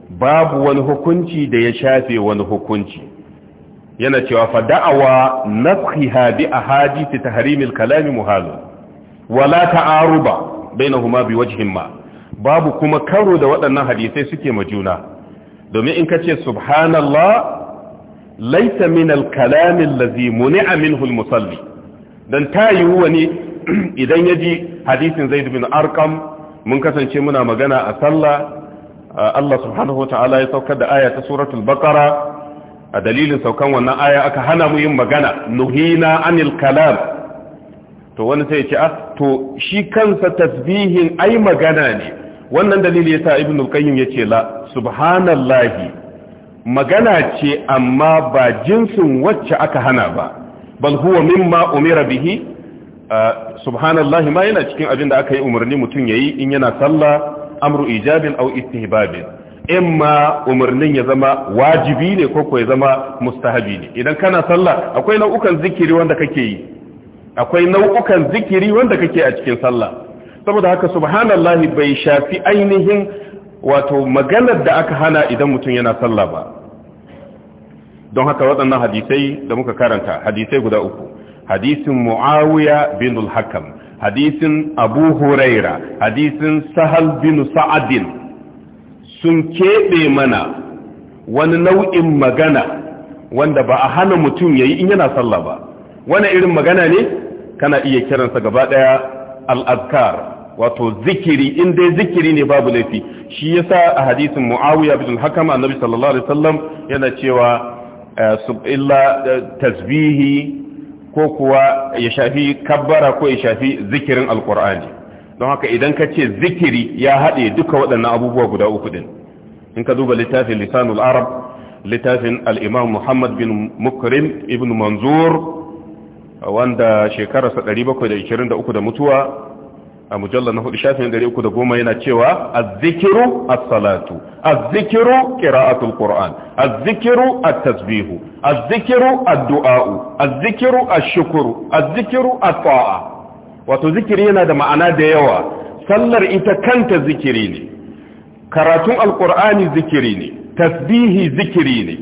babu wani hukunci da ya shafe wani hukunci yana cewa fa da'awa nafhiha bi ahadith tahrim al-kalam muhal wala ta'aruba bainahuma bi wajhin ma babu kuma karo da waɗannan hadisai suke majuna domin in kace subhanallah laysa min al-kalam allazi muni'a minhu al-musalli dan tayu wani idan yaji hadisin zaid bin arqam mun kasance muna magana a sallah Allah subhanahu ta'ala ya saukar da aya ta suratul baqara a dalilin saukan wannan aya aka hana mu yin magana nuhina anil kalam to wani sai ya ce ah to shi kansa tasbihin ai magana ne wannan dalili yasa ibnu qayyim yace la subhanallahi magana ce amma ba jinsin wacce aka hana ba bal huwa mimma umira bihi ah, subhanallahi ma yana cikin abin da aka yi umarni mutum yayi in yana sallah amru ijabin au istihbabin imma umarnin ya zama wajibi ne ko ko ya zama mustahabi ne idan kana sallah akwai nau'ukan zikiri wanda kake yi akwai nau'ukan zikiri wanda kake a cikin sallah saboda haka subhanallahi bai shafi ainihin wato maganar da aka hana idan mutum yana sallah ba don haka waɗannan hadisai da muka karanta hadisai guda uku hadisin muawiya bin al-hakam hadisin abu huraira hadisin sahal bin sa'adin sun keɓe mana wani nau'in magana wanda ba a hana mutum ya yi in yana sallah ba wani irin magana ne kana iya kiransa gaba ɗaya azkar wato zikiri in dai zikiri ne babu laifi shi yasa a hadisin muawiya bin hakam annabi sallallahu alaihi wasallam yana cewa eh, subilla eh, tasbihi ko kuwa ya shafi kabbara ko ya shafi zikirin alkur'ani don haka idan ka ce zikiri ya haɗe duka waɗannan abubuwa guda uku din in ka duba littafin lisanul arab littafin al'imam muhammad bin mukrim ibn manzur wanda shekararsa 723 da mutuwa a mujallar na hudu shafin dare uku da goma yana cewa azzikiru a salatu azzikiru qira'atul A azzikiru a tasbihu azzikiru ad-du'a'u azzikiru ash-shukru azzikiru at-ta'a wato zikiri yana da ma'ana da yawa sallar ita kanta zikiri ne karatun alqur'ani zikiri ne tasbihi zikiri ne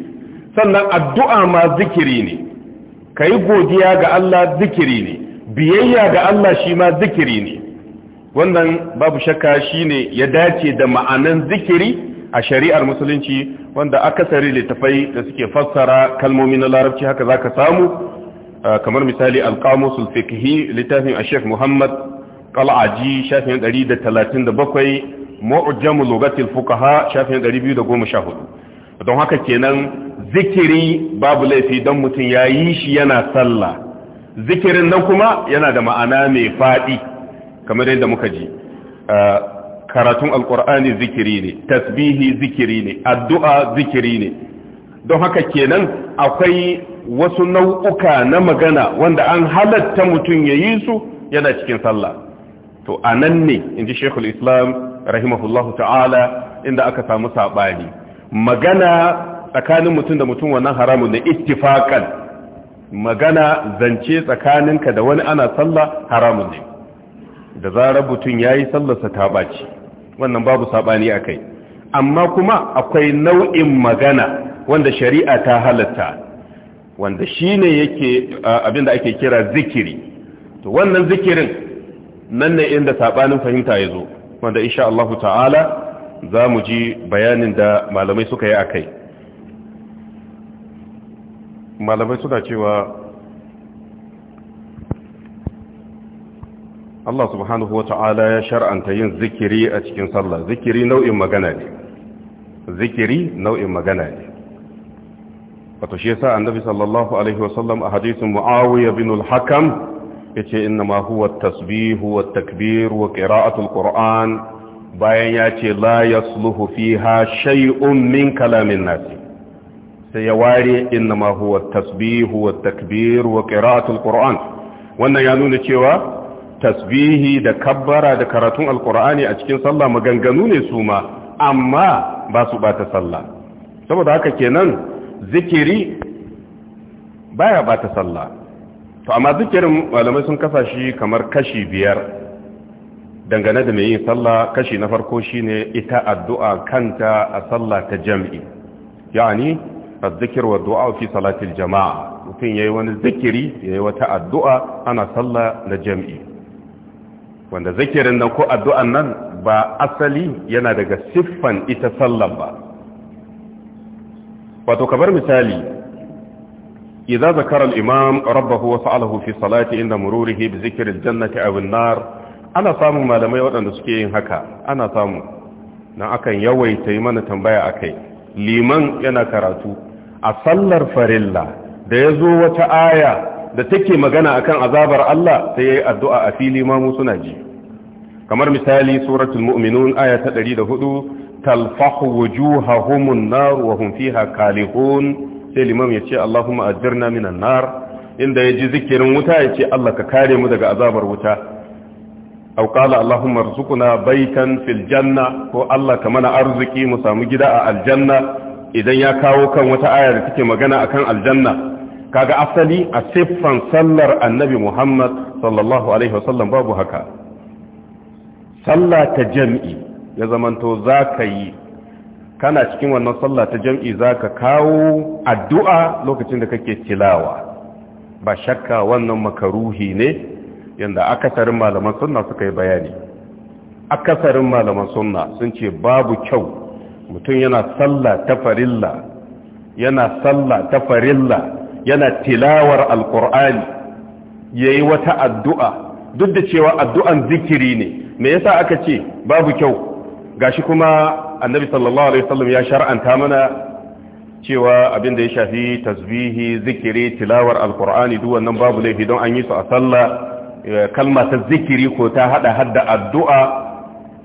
sannan addu'a ma zikiri ne Kayi godiya ga Allah zikiri ne biyayya ga Allah shi ma zikiri ne wannan babu shakka shine ya dace da ma'anan zikiri a shari'ar musulunci wanda akasari littafai da suke fassara kalmomi na larabci haka zaka samu ah, kamar misali alqamusul fiqhi littafin Sheikh muhammad qal'aji shafin 137 mu'jamu lughatil fuqaha shafin 214 don haka kenan zikiri babu laifi don mutum yayi shi yana sallah zikirin nan kuma yana da ma'ana mai fadi kamar yadda muka ji karatun alkur'ani zikiri ne tasbihi zikiri ne addu'a zikiri ne don haka kenan akwai wasu nau'uka na magana wanda an halatta mutum ya yi su yana cikin sallah to a nan ne in ji shekul islam rahimahullahu ta'ala inda aka samu saɓani magana tsakanin mutum da mutum wannan haramun da ittifakan magana zance tsakaninka da wani ana sallah haramun ne da zarar mutum ya yi sallarsa ta ɓaci wannan babu saɓani a kai amma kuma akwai nau'in magana wanda shari'a ta halatta wanda shi ne yake abinda ake kira zikiri to wannan zikirin nan ne inda saɓanin fahimta ya zo wanda insha Allah ta'ala za mu ji bayanin da malamai suka yi a kai malamai suna cewa Allah subhanahu wa ta'ala ya shar'anta yin zikiri a cikin sallah zikiri nau'in magana ne zikiri nau'in magana ne wato shi yasa annabi sallallahu alaihi wa sallam a hadisin muawiya bin al-hakam yace inna ma huwa at-tasbih wa at-takbir wa qira'atu al-qur'an bayan yace la yasluhu fiha shay'un min kalamin nas sai ya ware inna ma huwa at-tasbih wa at-takbir wa qira'atu al-qur'an wannan ya nuna cewa tasbihi da kabbara da karatun alkur'ani a cikin sallah maganganu ne su ma amma ba su bata sallah saboda haka kenan zikiri baya ɓata sallah to amma zikirin malamai sun kasa shi kamar kashi biyar dangane da mai yin sallah kashi na farko shine ita addu'a kanta a sallah ta jam'i yani azzikir wa fi salatil jama'a mutum yayi wani zikiri yayi wata addu'a ana sallah na jam'i wanda zikirin nan ko addu'an nan ba asali yana daga siffan ita sallan ba wato kabar misali iza zakara imam rabbahu wasu sa'alahu fi salati inda mururihi bi zikirin jannati aw ana samun malamai waɗanda suke yin haka ana samu Na akan yawaita yi mana tambaya a kai. liman yana karatu a sallar farilla da ya zo wata aya da take magana akan azabar Allah sai yayi addu'a a fili ma mu suna ji kamar misali suratul mu'minun aya ta 104 talfahu wujuhahumun nar wa hum fiha kalihun sai limam yace Allahumma ajirna minan nar inda yaji zikirin wuta yace Allah ka kare mu daga azabar wuta aw qala Allahumma arzuqna baytan fil janna ko Allah ka mana arziki mu samu gida a aljanna idan ya kawo kan wata aya da take magana akan aljanna kaga asali a siffan sallar annabi muhammad sallallahu alaihi wasallam babu haka sallah ta jam'i ya zamanto za ka yi kana cikin wannan sallah ta jam'i za ka kawo addu'a lokacin da kake tilawa ba shakka wannan makaruhi ne yadda akasarin malaman sunna suka yi bayani akasarin malaman sunna sun ce babu kyau mutum yana sallah ta farilla yana sallah ta farilla yana tilawar ya yayi wata addu'a duk da cewa addu'an zikiri ne me yasa aka ce babu kyau gashi kuma annabi sallallahu alaihi wasallam ya shar'anta mana cewa abin da ya shafi tasbihi zikiri tilawar alkur'ani duk wannan babu laifi don an yi su a sallah kalma ta zikiri ko ta hada hadda addu'a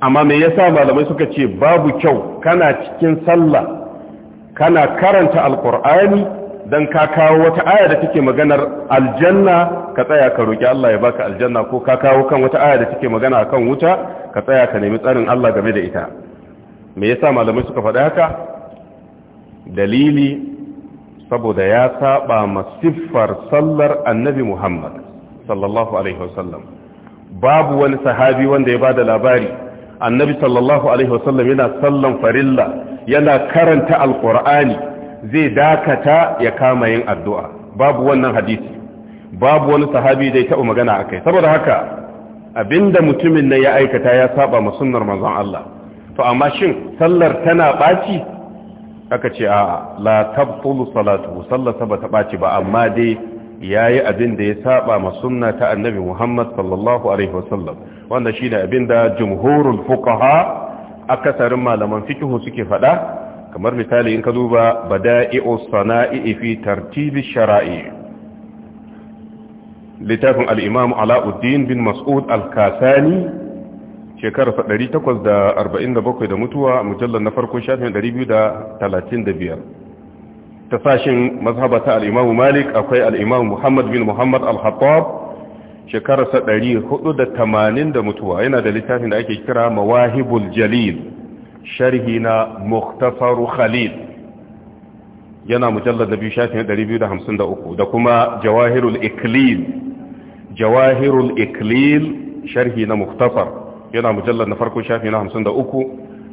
amma me yasa malamai suka ce babu kyau kana cikin sallah kana karanta alkur'ani dan ka kawo wata aya da take maganar aljanna ka tsaya ka roki Allah ya baka aljanna ko ka kawo kan wata aya da take magana akan wuta ka tsaya ka nemi tsarin Allah game da ita me yasa malamai suka faɗa haka dalili saboda ya saba masiffar sallar annabi Muhammad sallallahu alaihi wasallam babu wani sahabi wanda ya bada labari annabi sallallahu alaihi wasallam yana sallan farilla yana karanta alqur'ani zai dakata ya kama yin addu'a babu wannan hadisi babu wani sahabi da ya taɓa magana a kai saboda haka abinda mutumin nan ya aikata ya saba musunnar manzon Allah to amma shin sallar tana ɓaci aka ce a la tabtulu salatu sallar ta bata ɓaci ba amma dai yayi abin da ya saba masunna ta annabi Muhammad sallallahu alaihi wasallam wanda shine abin da jumhurul fuqaha akasarin malaman fikihu suke faɗa kamar misali in ka duba bada'i'u sana'i fi tartibi shara'i littafin al-imam Alauddin bin Mas'ud al-Kasani shekarar 847 da mutuwa mujallar na farko shafin 235 ta sashin mazhabata al-imam Malik akwai al-imam Muhammad bin Muhammad al-Hattab shekarar 480 da mutuwa yana da littafin da ake kira Mawahibul Jalil sharhi na muktasaru khalil yana mujallar da biyu shafin 253 da kuma jawahirul iklil jawahirul iklil sharhi na muktafar yana mujallar na farko shafi na 53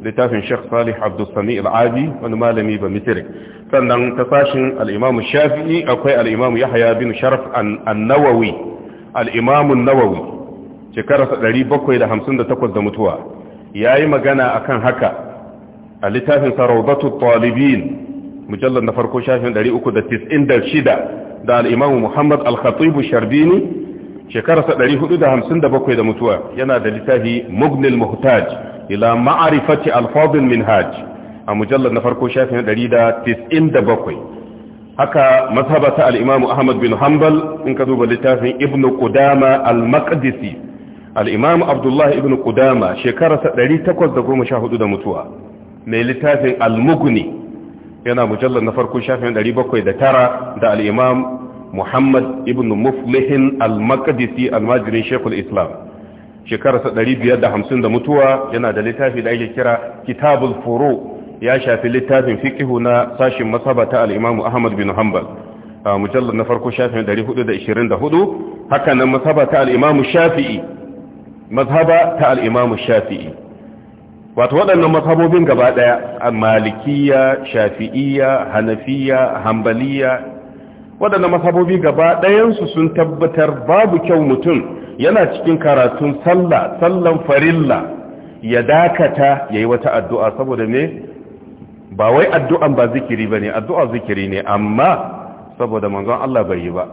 littafin sheikh salih abdulsami al'abi wani malami ba mitirin sannan ta sashin al'imamu shafi akwai al'imamu haya bin sharaf nawawi al'imamun nawawi shekararsa 758 da mutuwa ya yi magana a kan haka a littafin sarautattu talibin mujallar na farko shafin 396 da al'imamu muhammad al-khatibu sharbini shekararsa 457 da mutuwa yana da littafi mugnil muhtaj ila ma'arifati alfadin minhaj a mujallar na farko shafin 197 haka mazhabata al'imamu ahmad bin hanbal in ka duba littafin ibn qudama al-maqdisi al'imamu abdullahi ibn kudama shekararsa 814 da mutuwa mai littafin al-mughni yana mujallar na farko shafin 709 da al'imam muhammad ibn muflihin al-makadisi al-majirin shekul islam shekararsa 550 da mutuwa yana da littafi da ake kira kitabul furu ya shafi littafin fikihu na sashin masaba ta al'imamu ahmad bin hanbal mujallar na farko shafin 424 haka nan masaba ta al'imamu shafi'i mazhaba ta al'imamu shafi'i wato waɗannan mazhabobin gaba ɗaya a malikiya shafi'iya hanafiya hambaliya waɗannan mazhabobi gaba ɗayansu sun tabbatar babu kyau mutum yana cikin karatun sallah sallan farilla ya dakata ya yi wata addu'a saboda ne ba wai addu'an ba zikiri ba ne addu'a zikiri ne amma saboda manzon Allah bai yi ba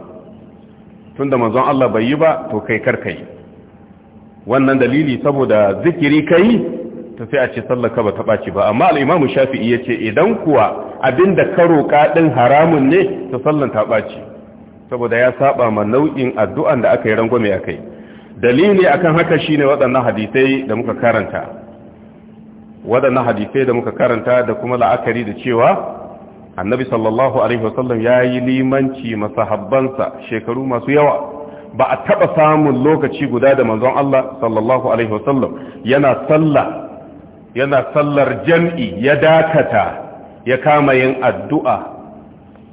tun da manzon Allah bai yi ba to kai karkai wannan dalili saboda zikiri kai ta sai a ce sallaka ba ta ɓaci ba amma al'imamu shafi'i ya ce idan kuwa abinda da ka haramun ne ta sallar ta ɓaci saboda ya saba ma nau'in addu'an da aka yi rangwame a kai dalili akan haka shine wadannan hadisai da muka karanta wadannan hadisai da muka karanta da kuma la'akari da cewa annabi sallallahu alaihi wasallam ya yi limanci masahabbansa shekaru masu yawa ba a taba samun lokaci guda da manzon Allah sallallahu alaihi wasallam yana salla yana sallar jam'i ya dakata ya kama yin addu'a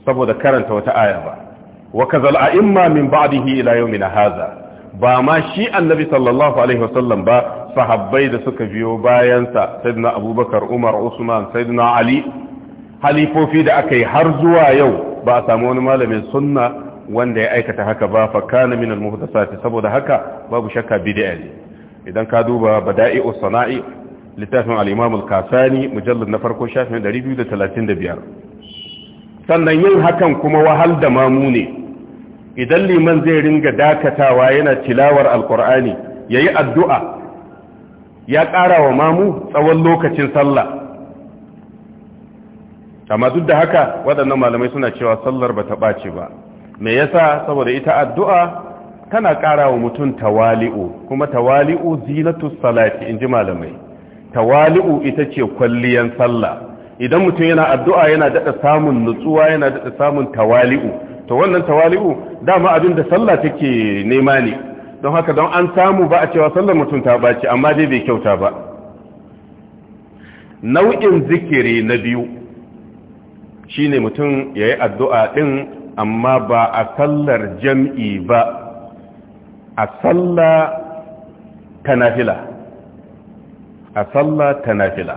saboda karanta wata aya ba wa kazal a'imma min ba'dihi ila yawmina hadha ba ma shi annabi sallallahu alaihi wasallam ba sahabbai da suka biyo bayansa sayyidina abubakar umar usman sayyidina ali halifofi da aka yi har zuwa yau ba a samu wani malamin sunna wanda ya aikata haka ba fa kana minal muhdathati saboda haka babu shakka bid'a ne idan ka duba bada'i'us sana'i littafin al-imam al-kasani mujallad na farko shafin 235 sannan yin hakan kuma wahal da mamu ne idan liman zai ringa dakatawa yana tilawar alkur'ani ya yi addu'a ya ƙara wa mamu tsawon lokacin sallah amma duk da haka waɗannan malamai suna cewa sallar ba ta ɓace ba me yasa saboda ita addu'a tana ƙara wa mutum tawali'u kuma tawali'u zinatu salati inji malamai tawali'u ita ce kwalliyan sallah idan mutum yana addu'a yana daɗa samun nutsuwa yana daɗa samun tawali'u to wannan tawali'u dama abin da sallah take nema ne don haka don an samu ba a cewa sallar mutum ta baci amma dai bai kyauta ba nau'in zikiri na biyu shine mutum ya yi addu'a din. amma ba a sallar jam'i ba a salla ta nafila a salla ta nafila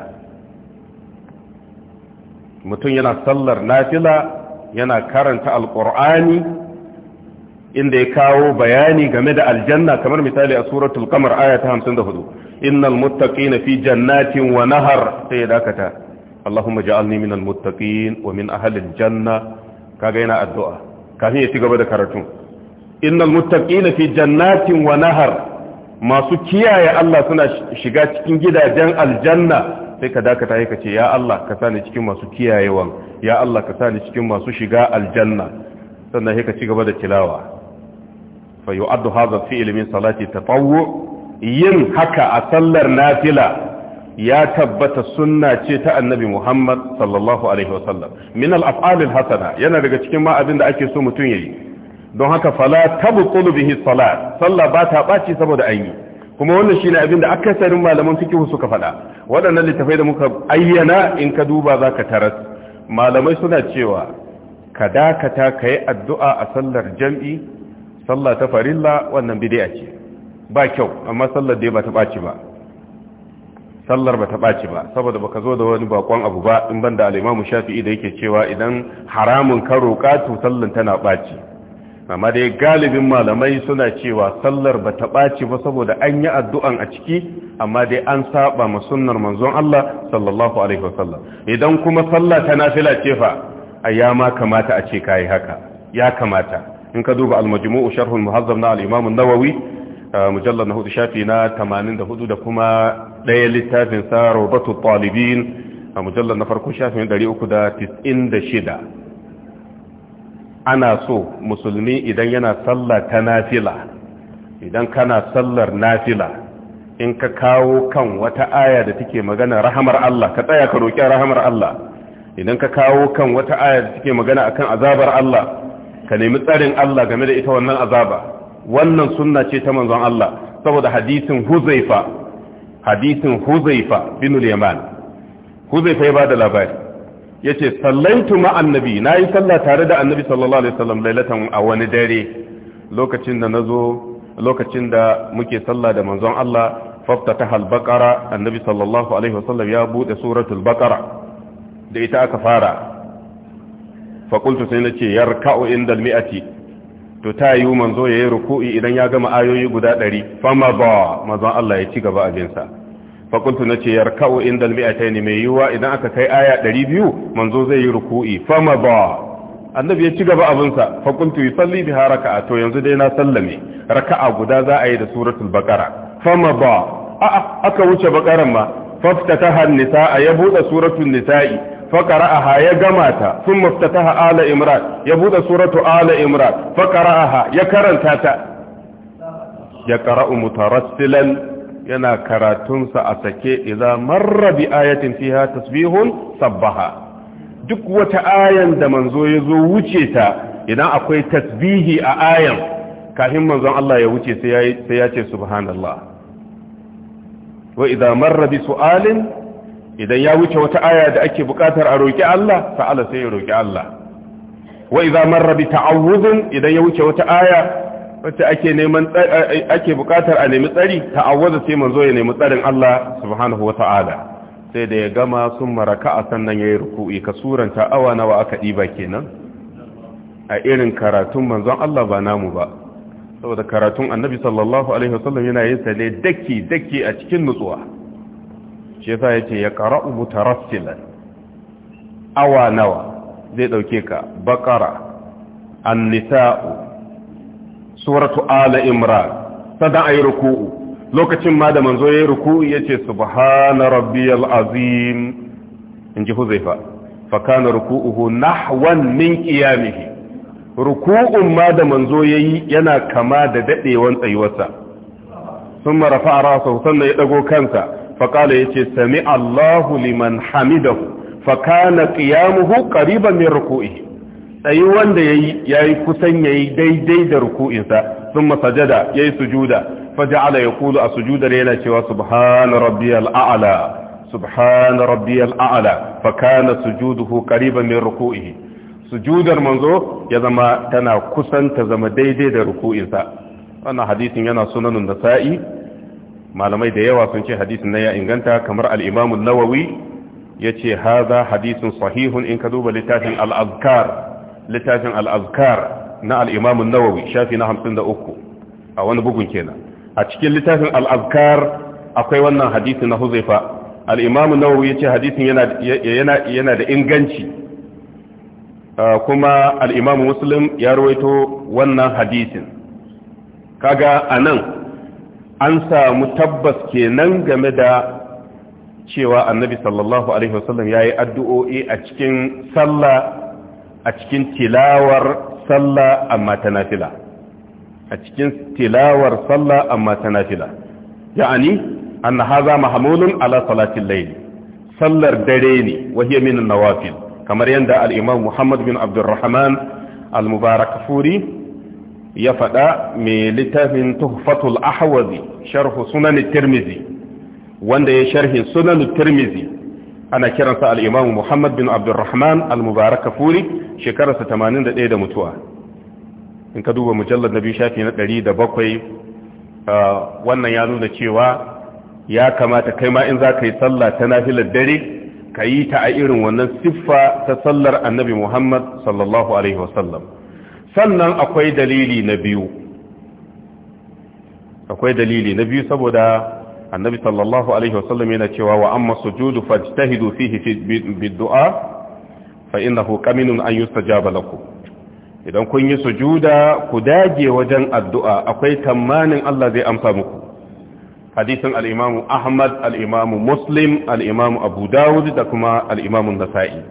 mutum yana sallar nafila yana karanta alƙur'ani inda ya kawo bayani game da aljanna kamar misali a suratul kamar aya ta 54 innal muttaqina fi jannatin wa nahar sai ya dakata allahumma ja'alni minal muttaqin wa min ahlil janna kaga yana addu'a kafin ya ci gaba da karatun innal muttaqina fi jannatin wa nahar masu kiyaye Allah suna shiga cikin gidajen aljanna sai ka dakata ka ce ya Allah ka sani cikin masu kiyayewan ya Allah ka sani cikin masu shiga aljanna sannan sai ci gaba da tilawa fa yu'addu hadha fi ilmin salati tatawwu yin haka a sallar nafila ya tabbata sunna ce ta annabi Muhammad sallallahu alaihi wasallam min al-af'al al-hasana yana daga cikin ma abin da ake so mutum yayi don haka fala tabqulu bihi salat sallah ba ta baci saboda an yi kuma wannan shine abin da akasarin malaman fiqh suka faɗa waɗannan littafai da muka ayyana in ka duba zaka taras malamai suna cewa ka dakata kai addu'a a sallar jam'i sallah ta farilla wannan bid'a ce ba kyau amma sallar dai ba ta baci ba sallar ba ta ɓaci ba saboda baka zo da wani bakon abu ba in banda al'imamu shafi'i da yake cewa idan haramun ka roƙa to sallan tana ɓaci amma dai galibin malamai suna cewa sallar ba ta ɓaci ba saboda an yi addu'an a ciki amma dai an saba ma sunnar manzon Allah sallallahu alaihi wasallam idan kuma sallah ta nafila ce fa a ya ma kamata a ce kai haka ya kamata in ka duba al-majmu'u sharh al-muhazzam na al-imam an-nawawi uh, mujallad na hudu shafi na 84 da kuma ɗaya littafin sa robatu talibin a mujallar na farko shafin 396 ana so musulmi idan yana sallar ta nafila idan kana sallar nafila in ka kawo kan wata aya da take magana rahamar Allah ka tsaya ka roƙi rahamar Allah idan ka kawo kan wata aya da take magana akan azabar Allah ka nemi tsarin Allah game da ita wannan azaba wannan sunna ce ta manzon Allah saboda hadisin Huzaifa hadisin huzaifa bin yaman huzaifa ya ba da labari yace sallaitu ma annabi nayi sallah tare da annabi sallallahu alaihi wasallam lailatan a wani dare lokacin da nazo lokacin da muke sallah da manzon Allah faftataha ta baqara annabi sallallahu alaihi wasallam ya bude suratul baqara da ita aka fara fakultu sai na ce yarka'u inda mi'ati to ta yi manzo ya yi ruku'i idan ya gama ayoyi guda ɗari fama ba manzon Allah ya ci gaba a abinsa fakultu na ce yarka'u inda mi'atai ne mai yiwuwa idan aka kai aya 200 manzo zai yi ruku'i fama ba annabi ya ci gaba abinsa fakultu yi salli biha raka'a to yanzu dai na sallame raka'a guda za a yi da suratul baqara fama ba a'a aka wuce baqaran ma faftataha an-nisaa ya buɗe suratul nisa'i فقرأها يجمعتا ya buɗe آل إمران يبود سورة ya karanta ta يكرنتاتا يقرأ مترسلا yana karatunsa a sake idan marra bi ayatin fiha tasbihun sabbaha duk wata ayan da manzo ya zo wuce ta idan akwai tasbihi a ayan kafin manzon Allah ya wuce sai ya ce subhanallah wa idan marra bi su'alin idan ya wuce wata aya da ake bukatar a roƙi Allah sa'ala sai ya roki Allah wa idan marra bi ta'awudin idan ya wuce wata aya wacce ake neman ake bukatar a nemi tsari ta awwaza sai manzo ya nemi tsarin Allah subhanahu wata'ala sai da ya gama sun maraka a sannan yayi ruku'i ka suranta awa nawa aka diba kenan a irin karatun manzon Allah ba namu ba saboda karatun Annabi sallallahu alaihi wasallam yana yin sa ne daki daki a cikin nutsuwa shi yasa yace ya qara'u mutarassilan awa nawa zai dauke ka baqara an-nisa'u suratu ala imran sadan ayi ruku'u lokacin ma da manzo yayi ruku'u yace subhana rabbiyal azim inji huzaifa fa kana ruku'uhu nahwan min qiyamihi ruku'un ma da manzo yayi yana kama da dadewan tsayuwarsa thumma rafa'a rasuhu sannan ya dago kansa fa qala yace sami'a allah liman hamidahu fa kana qiyamuhu qariban min ruku'ihi tsayi wanda yayi yayi kusan yayi daidai da ruku'insa sun masajada yayi sujuda faja'ala kulu a sujudar yana cewa subhana rabbi a'la subhana rabbiyal a'la fa kana sujuduhu qariban min ruku'ihi sujudar manzo ya zama tana kusan ta zama daidai da ruku'insa wannan hadisin yana sunanun nasa'i malamai da yawa sun ce hadisin nan ya inganta kamar al-imam nawawi yace hadha hadisin sahihun in ka duba littafin al-azkar littafin al'azkar na al'imamun nawawi shafi na hamsin da uku a wani bugun kenan a cikin littafin al'azkar akwai wannan hadisi na huzaifa al'imamun nawawi ya ce hadisin yana da inganci kuma al'imamun musulun ya ruwaito wannan hadisin kaga a nan an samu tabbas kenan game da cewa annabi sallallahu alaihi wasallam ya yi addu'o'i a cikin sallah a cikin tilawar sallah amma tana fila a cikin tilawar sallah amma tana fila ya'ani anna haza mahmulun ala salatil sallar dare ne wahiya min nawafil kamar yadda alimam Muhammad bin Abdurrahman al furi ya fada mai littafin Tuhfatul Ahwazi sharh sunan tirmizi wanda ya sharhi sunan tirmizi ana kiransa al'imamu muhammad bin abdurrahman al-mubarak kafuri shekararsa 81 da mutuwa in ka duba mujallar na biyu shafi na 107 wannan ya nuna cewa ya kamata kai ma in za ka yi sallah ta nafilar dare ka yi ta a irin wannan siffa ta sallar annabi muhammad sallallahu alaihi wasallam sannan akwai dalili na biyu akwai dalili na biyu saboda annabi sallallahu alaihi wasallam yana cewa wa amma sujudu fajtahidu fihi bid'a fa innahu qaminun an yustajaba lakum idan kun yi sujuda ku dage wajen addu'a akwai tamanin Allah zai amsa muku hadisin al-Imam Ahmad al-Imam Muslim al-Imam Abu Dawud da kuma al-Imam nasai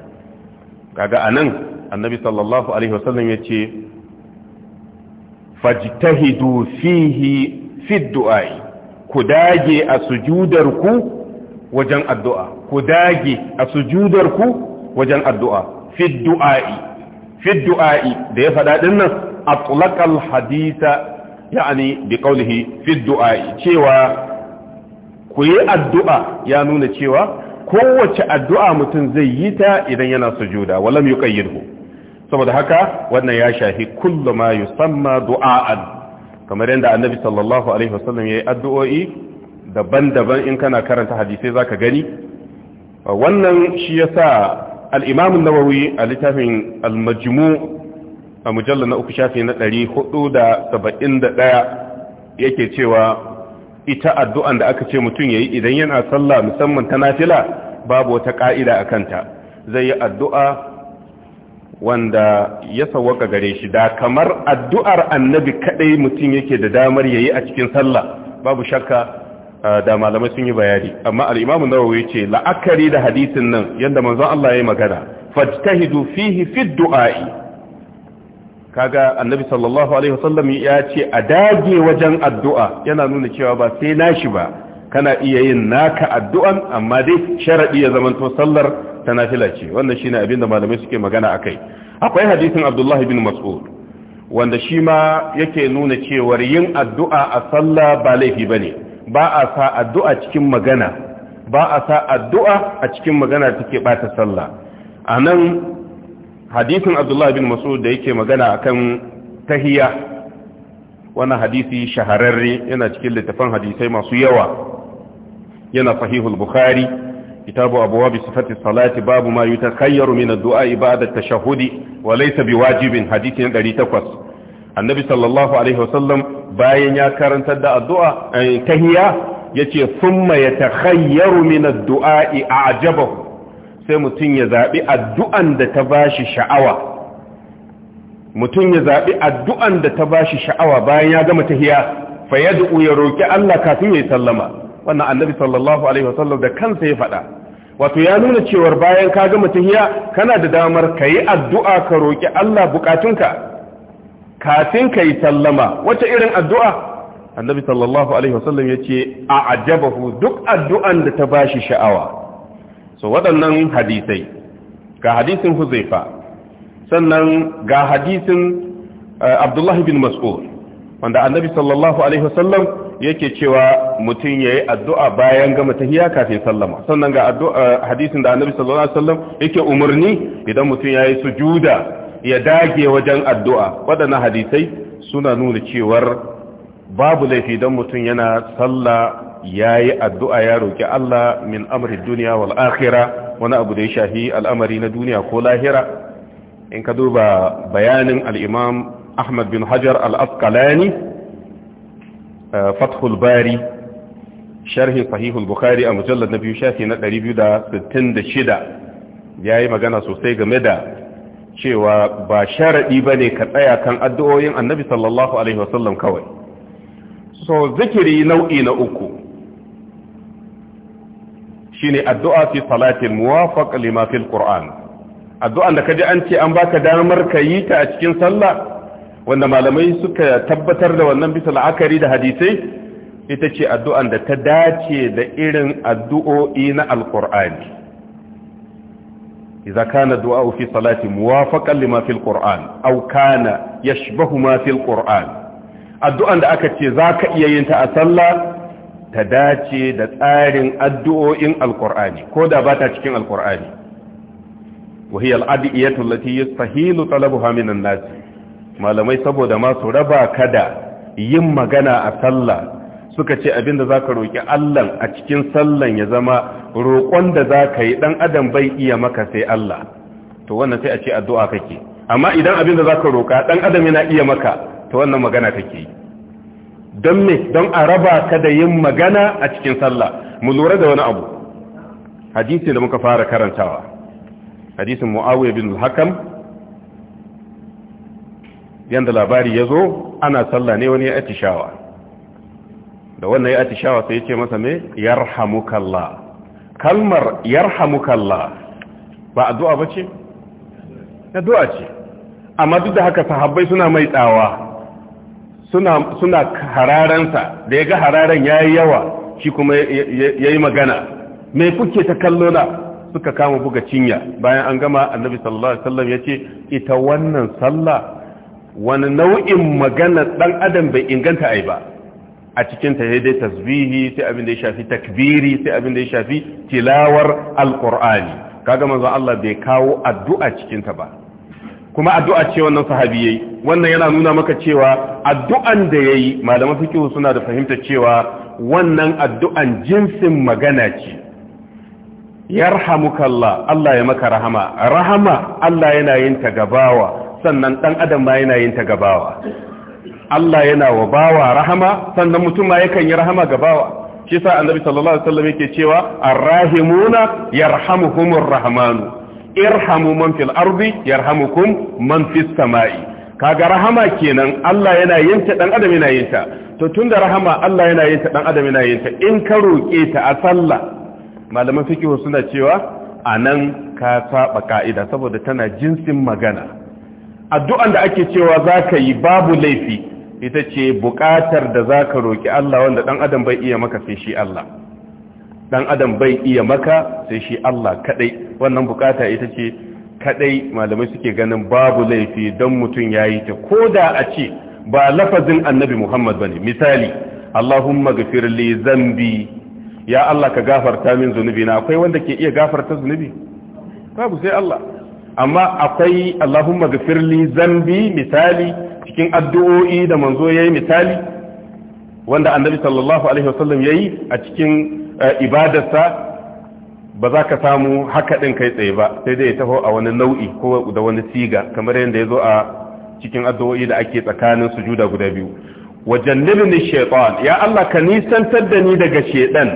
kaga anan annabi sallallahu alaihi wasallam yace fajtahidu fihi fi du'a'i ku dage a sujudarku wajen addu'a ku dage a sujudarku wajen addu'a fi du'a'i fi du'a'i da ya faɗa ɗin nan atlaqal haditha yani bi qawlihi fi du'a'i cewa ku yi addu'a ya nuna cewa kowace addu'a mutum zai yi ta idan yana sujuda walam yuqayyidhu saboda haka wannan ya shafi kullu ma yusamma du'a'an kamar yadda annabi sallallahu alaihi wasallam yayi addu'o'i daban-daban in kana karanta hadisai zaka gani wannan shi yasa al-Imam an-Nawawi a littafin al-Majmu' a mujallal na uku shafi na 471 yake cewa ita addu'an da aka ce mutum yayi idan yana sallah musamman ta nafila babu wata ka'ida akanta zai yi addu'a wanda ya sawwaka gare shi da kamar addu'ar annabi kadai mutum yake da damar yayi a cikin sallah babu shakka da malamai sun yi bayani amma al-Imam Nawawi ce la'akari da hadisin nan yadda manzon Allah yi magana fajtahidu fihi fi du'a'i kaga annabi sallallahu alaihi wasallam ya ce a dage wajen addu'a yana nuna cewa ba sai nashi ba kana iya yin naka addu'an amma dai sharaɗi ya zamanto sallar ta nafila ce wannan shine abin da malamai suke magana a kai akwai hadisin abdullahi bin Mas'ud wanda shi ma yake nuna cewar yin addu'a a sallah ba laifi ba ne ba a sa addu'a cikin magana ba a sa addu'a a cikin magana take bata sallah anan hadisin abdullahi bin Mas'ud da yake magana akan tahiya wannan hadisi shahararre yana cikin littafan hadisai masu yawa yana sahihul bukhari kitabu abwabi sifati salati babu ma yutakayyaru min ad-du'a ibada tashahhudi wa laysa biwajibin hadithin 800 annabi sallallahu alaihi wasallam bayan ya karantar da addu'a eh, tahiyya yace thumma yatakhayyaru min ad-du'a a'jabahu sai mutun ya zabi addu'an da ta bashi sha'awa mutun ya zabi addu'an da ta bashi sha'awa bayan ya gama tahiya fa yad'u ya roki Allah kafin ya sallama wannan annabi sallallahu alaihi wasallam da kansa ya faɗa wato ya nuna cewar bayan ka gama tahiya kana da damar ka yi addu'a ka roƙi Allah buƙatunka kafin ka yi sallama wata irin addu'a annabi sallallahu alaihi wasallam ya ce a ajabahu duk addu'an da ta ba shi sha'awa so waɗannan hadisai ga hadisin huzaifa sannan ga hadisin eh, abdullahi bin mas'ud wanda annabi sallallahu alaihi wasallam yake cewa mutum yayi addu'a bayan gama tahiyya kafin sallama sannan ga addu'a hadisin da Annabi sallallahu alaihi wasallam yake umarni idan mutum ya yi sujuda ya dage wajen addu'a wadannan hadisai suna nuna cewar babu laifi idan mutum yana salla yayi addu'a ya roki Allah min amri duniya wal akhira wani abu da ya shafi al'amari na duniya ko lahira in ka duba bayanin al-Imam Ahmad bin Hajar al fathul bari sharhi sahihul bukari a mujallar na biyu shafi na 266 ya yi magana sosai game da cewa ba sharaɗi ba ne ka tsaya kan addu'o'in annabi sallallahu alaihi wasallam kawai so zikiri nau'i na uku shine addu'a fi salatin muwafaq limafil qur'an addu'an da kaji an ce an baka damar ka yi ta a cikin sallah wanda malamai suka tabbatar da wannan bisa la'akari da hadisai ita ce addu'an da ta dace da irin addu'o'i na alƙur'ani iza kana du'a fi salati muwafaqan lima fil qur'an aw kana yashbahu ma fil qur'an addu'an da aka ce zaka iya yin ta a sallah ta dace da tsarin addu'o'in alƙur'ani ko da ba ta cikin alƙur'ani wahiyar adiyyatu lati yastahilu talabuha minan nasi malamai saboda ma su raba kada yin magana a sallah suka ce abinda za ka roƙi allah a cikin sallan ya zama roƙon da za ka yi ɗan adam bai iya maka sai allah to wannan sai a ce addu'a kake amma idan abinda za ka roƙa ɗan adam yana iya maka to wannan magana kake yi don me don a raba ka da yin magana a cikin sallah mu lura da wani abu hadisi da muka fara karantawa hadisin mu'awiyah bin al-hakam yanda labari ya zo ana sallah ne wani ya atishawa da wannan ya atishawa sai yace ce masa me yarhamukallah kalmar yarhamukallah ba addu'a ba ce? addu'a ce amma duk da haka sahabbai suna mai tsawa suna suna hararansa da ya ga hararen ya yi yawa shi kuma ya yi magana mai kuke ta kallo na suka kama buga cinya bayan an gama annabi sallallahu alaihi wasallam ya ce ita wannan sallah wani nau'in magana ɗan adam bai inganta ai ba a cikin ta dai tasbihi sai abin da ya shafi takbiri sai abin da ya shafi tilawar alqur'ani kaga manzon Allah bai kawo addu'a cikin ta ba kuma addu'a ce wannan sahabi yayi wannan yana nuna maka cewa addu'an da yayi malaman fiqh suna da fahimtar cewa wannan addu'an jinsin magana ce yarhamukallah Allah ya maka rahama rahama Allah yana yin ta gabawa sannan ɗan adam ma yana yin ta gabawa Allah yana wa bawa rahama sannan mutum ma yakan yi rahama ga bawa shi sa annabi sallallahu alaihi wasallam yake cewa arrahimuna yarhamuhumur rahmanu irhamu man fil ardi yarhamukum man fis samai kaga rahama kenan Allah yana yin ta dan adam yana yin ta to tunda rahama Allah yana yin ta dan adam yana yin ta in ka roke ta a sallah malaman fiqh suna cewa anan ka saba ka'ida saboda tana jinsin magana addu'an da ake cewa za ka yi babu laifi ita ce bukatar da za ka roki Allah wanda dan adam bai iya maka sai shi Allah dan adam bai iya maka sai shi Allah kadai wannan bukata ita ce kadai malamai suke ganin babu laifi don mutum ya yi ta ko da a ce ba lafazin annabi Muhammad bane misali Allahumma gafirli zambi ya Allah ka gafarta min zunubi na akwai wanda ke iya gafarta zunubi babu sai Allah amma akwai Allahumma gafirli zambi misali cikin addu'o'i da manzo yayi misali wanda annabi sallallahu alaihi wasallam yayi a cikin eh, ibadarsa ba za ka samu haka ɗin kai tsaye ba sai dai ya taho a wani nau'i ko da wani siga kamar yadda ya zo a cikin addu'o'i da ake tsakanin sujuda guda biyu wajannibni shaytan ya Allah ka nisantar da ni daga shaytan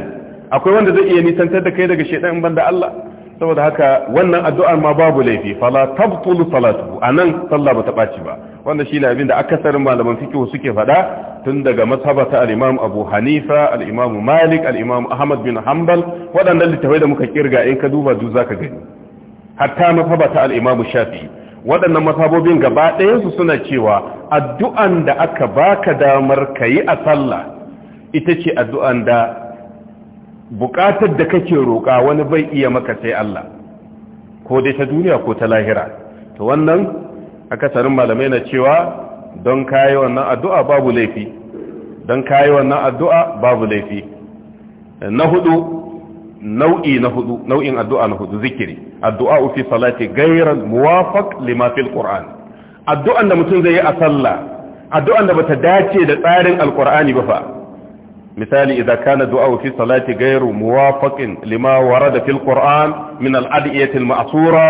akwai wanda zai iya nisantar da kai daga shaytan in banda Allah saboda haka wannan addu'ar ma babu laifi fala tabtulu salatuhu anan sallah bata baci ba wannan shine abin da akasarin malaman fiqh suke fada tun daga mazhabata al-Imam Abu Hanifa al-Imam Malik al-Imam Ahmad bin Hanbal wadannan littafai da muka kirga in ka duba duk zaka gani hatta mazhabata al-Imam Shafi'i wadannan mazhabobin gaba ɗayan su suna cewa addu'an da aka baka damar kayi a sallah ita ce addu'an da buƙatar da kake roƙa wani bai iya maka sai Allah ko dai ta duniya ko ta lahira to wannan akasarin malamai na cewa don kayi wannan addu'a babu laifi don kayi wannan addu'a babu laifi na hudu nau'i na hudu nau'in addu'a na hudu zikiri addu'a fi salati gairan muwafaq lima fil qur'an addu'an da mutum zai yi a sallah addu'an da bata dace da tsarin alqur'ani ba fa misali idan kana du'a fi salati ghayru muwafaqin lima warada fil qur'an min al adiyati al ma'sura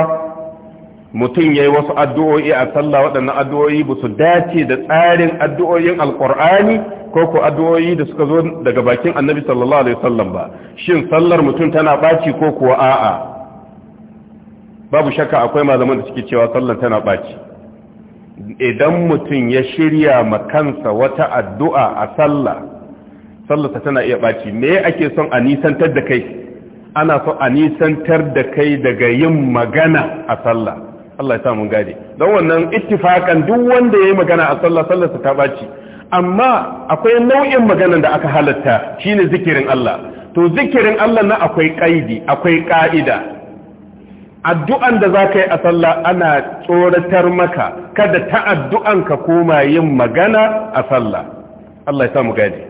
mutum yayi wasu addu'o'i a sallah waɗannan addu'o'i ba su dace da tsarin addu'o'in alqur'ani ko ko addu'o'i da suka zo daga bakin annabi sallallahu alaihi wasallam ba shin sallar mutum tana baci ko kuwa a'a babu shakka akwai malaman da suke cewa sallar tana baci idan mutum ya shirya ma kansa wata addu'a a sallah sallarsa tana iya ɓaci me ake son a nisantar da kai ana son a nisantar da kai daga yin magana a sallah Allah ya mun gane don wannan ittifakan duk wanda ya yi magana a sallah sallarsa ta ɓaci amma akwai nau'in maganan da aka halatta shine zikirin Allah to zikirin Allah na akwai kaidi akwai ka'ida addu'an da za ka yi a sallah ana tsoratar maka kada ta addu'an ka koma yin magana a sallah Allah ya samu gadi.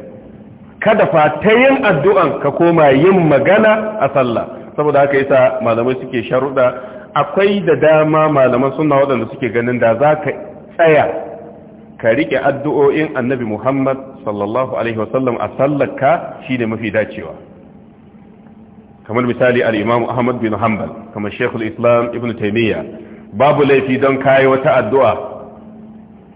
kada fa ta yin addu'an ka koma yin magana a sallah saboda haka yasa malamai suke sharuɗa akwai da dama malaman sunna waɗanda suke ganin da za ka tsaya ka riƙe addu'o'in annabi muhammad sallallahu alaihi wasallam a sallaka shi ne mafi dacewa kamar misali al'imamu ahmad bin hanbal kamar shekul islam ibn taimiyya babu laifi don kayi wata addu'a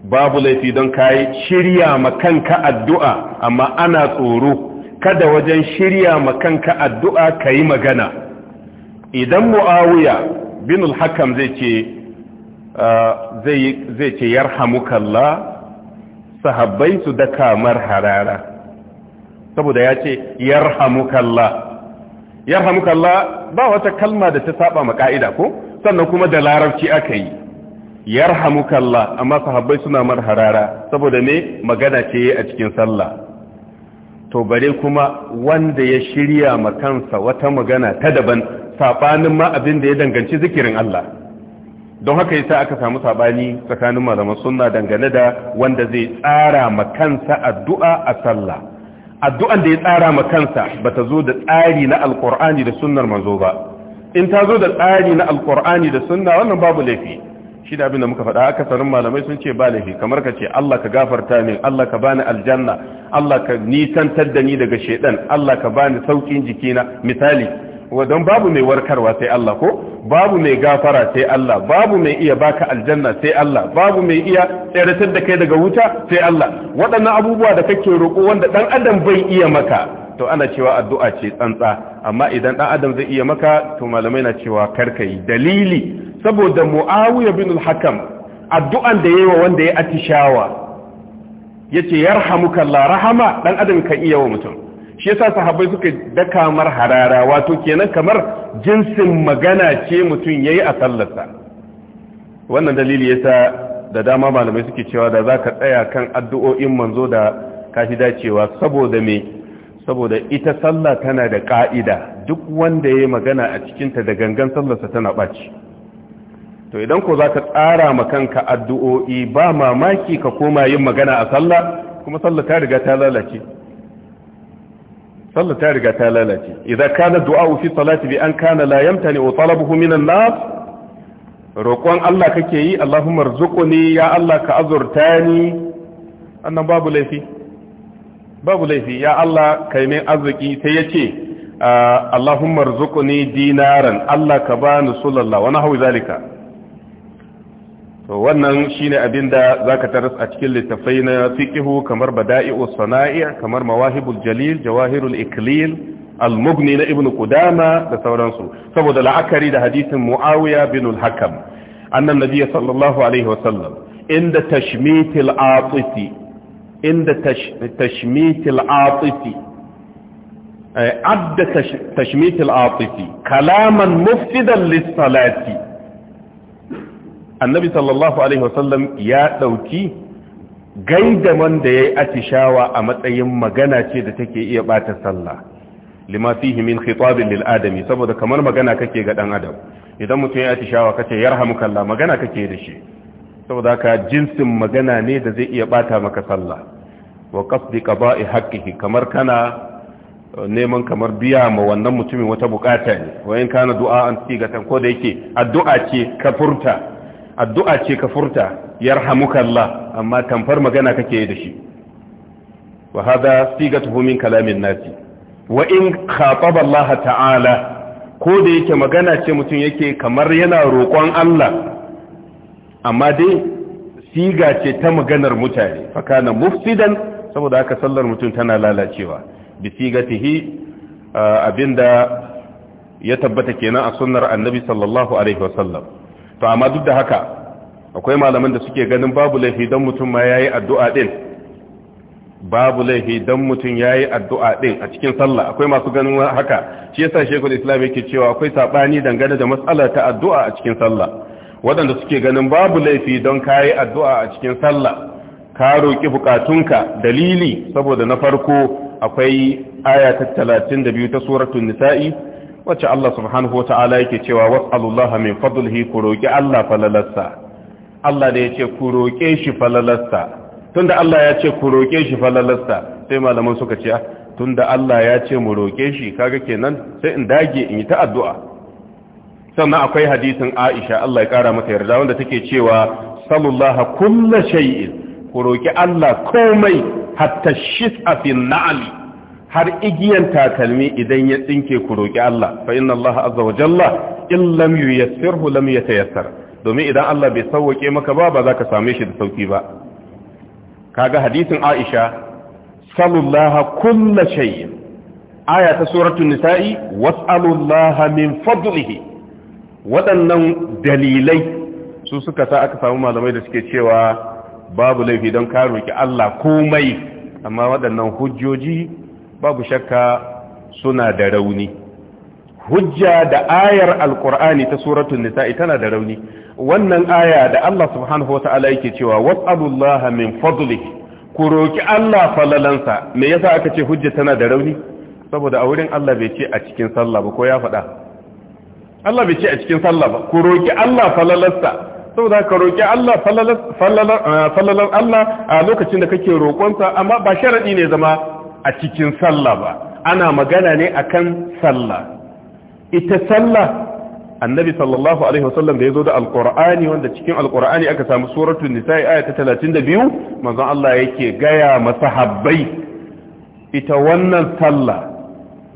babu laifi don kayi shirya makanka addu'a amma ana tsoro kada wajen shirya makanka addu'a ka yi magana idan mu'awuya bin al-hakam zai ce ah, yar hamukalla sahabbai su da kamar harara saboda ya ce yar yar kalla ba wata kalma da ta saba ma ka'ida ko sannan kuma da larabci aka yi yarhamukallah amma sahabbai suna marharara harara saboda me magana ce a cikin sallah to bare kuma wanda ya shirya ma kansa wata magana ta daban sabanin ma abin da ya danganci zikirin Allah don haka yasa aka samu sabani tsakanin malaman sunna dangane da wanda zai tsara ma kansa addu'a a sallah addu'an da ya tsara ma kansa bata zo da tsari na alqur'ani da sunnar manzo ba in ta zo da tsari na alqur'ani da sunna wannan babu laifi shi da abin da muka faɗa akasarin malamai sun ce ba laifi kamar ka ce Allah ka gafarta min Allah ka bani aljanna Allah ka nisantar da ni daga shedan Allah ka bani saukin jikina misali don babu mai warkarwa sai Allah ko babu mai gafara sai Allah babu mai iya baka aljanna sai Allah babu mai iya tseratar da kai daga wuta sai Allah waɗannan abubuwa da kake roƙo wanda ɗan adam bai iya maka to ana cewa addu'a ce tsantsa amma idan ɗan adam zai iya maka to malamai na cewa ka yi dalili saboda mu'awiya bin al-hakam addu'an da yayi wa wanda ya atishawa yace yarhamuka Allah rahama dan adam kan iya wa mutum shi yasa sahabbai suka daka mar harara wato kenan kamar jinsin magana ce mutum yayi a sallarsa wannan dalili yasa da dama malamai suke cewa da zaka tsaya kan addu'o'in manzo da kashi dacewa saboda me saboda ita sallah tana da ka'ida duk wanda yayi magana a cikinta da gangan sallarsa tana baci to idan ko za ka tsara ma kanka addu'o'i ba mamaki ka koma yin magana a sallah kuma sallah ta riga ta lalace sallah ta riga ta lalace idan kana du'a fi salati bi an kana la yamtani wa talabuhu minan nas roƙon Allah kake yi Allahumma rzuqni ya Allah ka azurta annan babu laifi babu laifi ya Allah kai min arziki sai yace ah, Allahumma rzuqni dinaran Allah ka bani sulallah wa nahwi zalika to wannan shine abin da zaka taras a cikin littafai na fiqhu kamar bada'i'u sana'i' kamar mawahibul jalil jawahirul iklil al-mughni na ibnu qudama da sauransu saboda la'akari da hadisin muawiya bin al-hakam annan nabiy sallallahu alaihi wa sallam inda tashmitil atifi inda tashmitil atifi eh, adda tashmitil atifi kalaman mufsidan lis-salati annabi sallallahu alaihi wasallam ya ɗauki gaidaman da ya yi atishawa a matsayin magana ce da take iya ɓata sallah lima fihi min khitabin lil adami saboda kamar magana kake ga dan adam idan mutum ya atishawa kace yarhamukallah magana kake da shi saboda haka jinsin magana ne da zai iya bata maka sallah wa qasdi qada'i haqqihi kamar kana eh, neman kamar biya ma wannan mutumin wata bukata ne wayan kana du'a an sigatan ko da yake addu'a ce ka furta addu'a ce ka furta yarhamuka Allah amma tamfar magana kake da shi wa siga tuhumin kalamin nasi wa in khataba Allah ta'ala ko da yake magana ce mutum yake kamar yana roƙon Allah amma dai siga ce ta maganar mutane fakana kana mufsidan saboda haka sallar mutum tana lalacewa bi tahi ah, abinda ya tabbata kenan a sunnar annabi sallallahu alaihi wasallam to amma duk da haka akwai malaman da suke ganin babu laifi don mutum ma yayi addu'a din babu laifi don mutum yayi addu'a din a cikin sallah akwai masu ganin haka shi yasa shekul islam yake cewa akwai sabani dangane da matsalar ta addu'a a cikin sallah waɗanda suke ganin babu laifi don kayi addu'a a cikin sallah ka roƙi bukatunka dalili saboda na farko akwai aya ta biyu ta suratul nisa'i wacce Allah subhanahu wa ta'ala yake cewa was'alullaha min fadlihi ku roki Allah falalasta Allah da yace ku roke shi falalasta tunda Allah ya ce ku roke shi falalasta sai malaman suka ce ah, tunda Allah ya ce mu roke shi kaga kenan sai in dage in yi ta addu'a sannan akwai hadisin Aisha Allah ya kara mata yarda wanda take cewa sallallahu kullu shay'in ku roki Allah komai hatta shis'a fil na'li har igiyan takalmi idan ya tsinke ku roƙi Allah fa inna Allah azza wa jalla in lam yuyassirhu lam yatayassar domin idan Allah bai sauke maka ba ba za ka same shi da sauki ba kaga hadisin Aisha sallallahu kullu shay aya ta suratul nisa'i Allah min fadlihi waɗannan dalilai su suka sa aka samu malamai da suke cewa babu laifi don ka roƙi Allah komai amma waɗannan hujjoji babu shakka suna da rauni hujja da ayar alkur'ani ta suratun nisa'i tana da rauni wannan aya da Allah subhanahu wata'ala yake cewa was'alullaha min fadli ku roki Allah falalansa me yasa aka ce hujja tana da rauni saboda a wurin Allah bai ce a cikin sallah ba ko ya faɗa Allah bai ce a cikin sallah ba ku roki Allah falalansa saboda ka roki Allah falalan Allah a lokacin da kake roƙonsa amma ba sharadi ne zama a cikin sallah ba ana magana ne akan sallah ita sallah annabi sallallahu alaihi wasallam da ya zo da alkur'ani wanda cikin alkur'ani aka samu suratul Nisa'a aya ta 32 manzon Allah yake gaya habbai. ita wannan sallah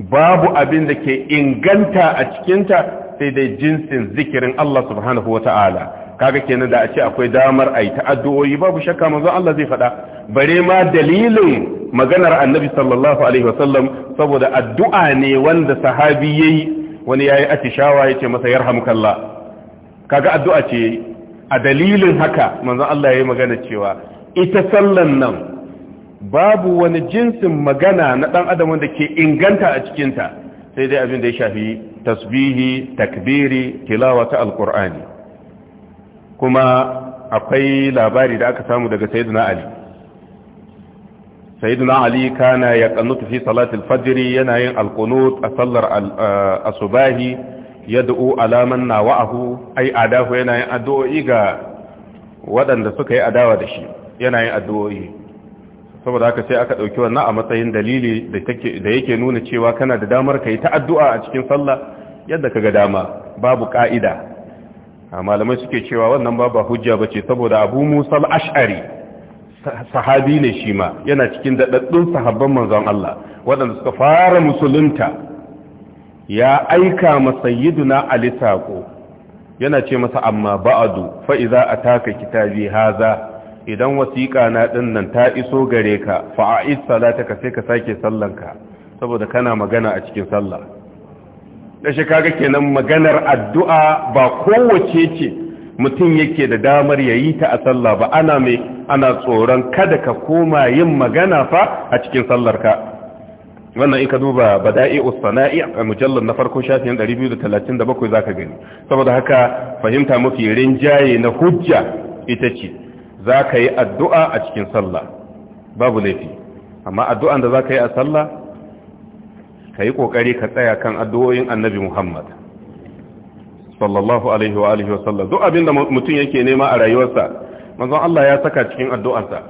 babu abin da ke inganta a cikinta sai dai jinsin zikirin Allah subhanahu wata'ala kaga kenan da a ce akwai damar a yi ta'addu'o'i babu shakka manzon Allah zai faɗa bare ma dalilin maganar annabi sallallahu alaihi wasallam saboda addu'a ne wanda sahabi yayi wani yayi atishawa yace masa yarhamukallah kaga addu'a ce a dalilin haka manzon Allah yayi magana cewa ita sallan nan babu wani jinsin magana na dan adam wanda ke inganta a cikinta sai dai abin da ya shafi tasbihi takbiri tilawata alqur'ani kuma akwai labari da aka samu daga sayyidina ali sayyidina ali kana ya kanutu fi salatul fajr yana yin alqunut a sallar asubahi yad'u ala man nawahu ai adahu yana yin addu'o'i ga waɗanda suka yi adawa da shi yana yin addu'o'i saboda haka sai aka ɗauki wannan a matsayin dalili da yake nuna cewa kana da damar ka ta addu'a a cikin sallah yadda ka ga dama babu ka'ida. malamai suke cewa wannan ba ba hujja bace saboda Abu Musa ashari sahabi ne shi ma yana cikin daɗaɗɗun sahabban manzon Allah waɗanda suka fara musulunta ya aika ma sayyiduna Ali saƙo yana ce masa amma ba'adu fa iza ataka kitabi haza idan wasiƙa na dinnan ta iso gare ka fa a'id salataka sai ka sake sallanka saboda kana magana a cikin sallah da shi kaga kenan maganar addu'a ba kowace ce mutum yake da damar ya yi ta a sallah ba ana mai ana tsoron kada ka koma yin magana fa a cikin sallar ka wannan in ka duba bada'i usana'i a mujallar na farko shafin 237 za ka gani saboda haka fahimta mafi rinjaye na hujja ita ce za ka yi addu'a a cikin sallah babu laifi amma addu'an da za ka yi a sallah ka yi ƙoƙari ka tsaya kan addu'o'in annabi Muhammad sallallahu alaihi wa alihi wasallam duk abin da mutum yake nema a rayuwarsa manzon Allah ya saka cikin addu'arsa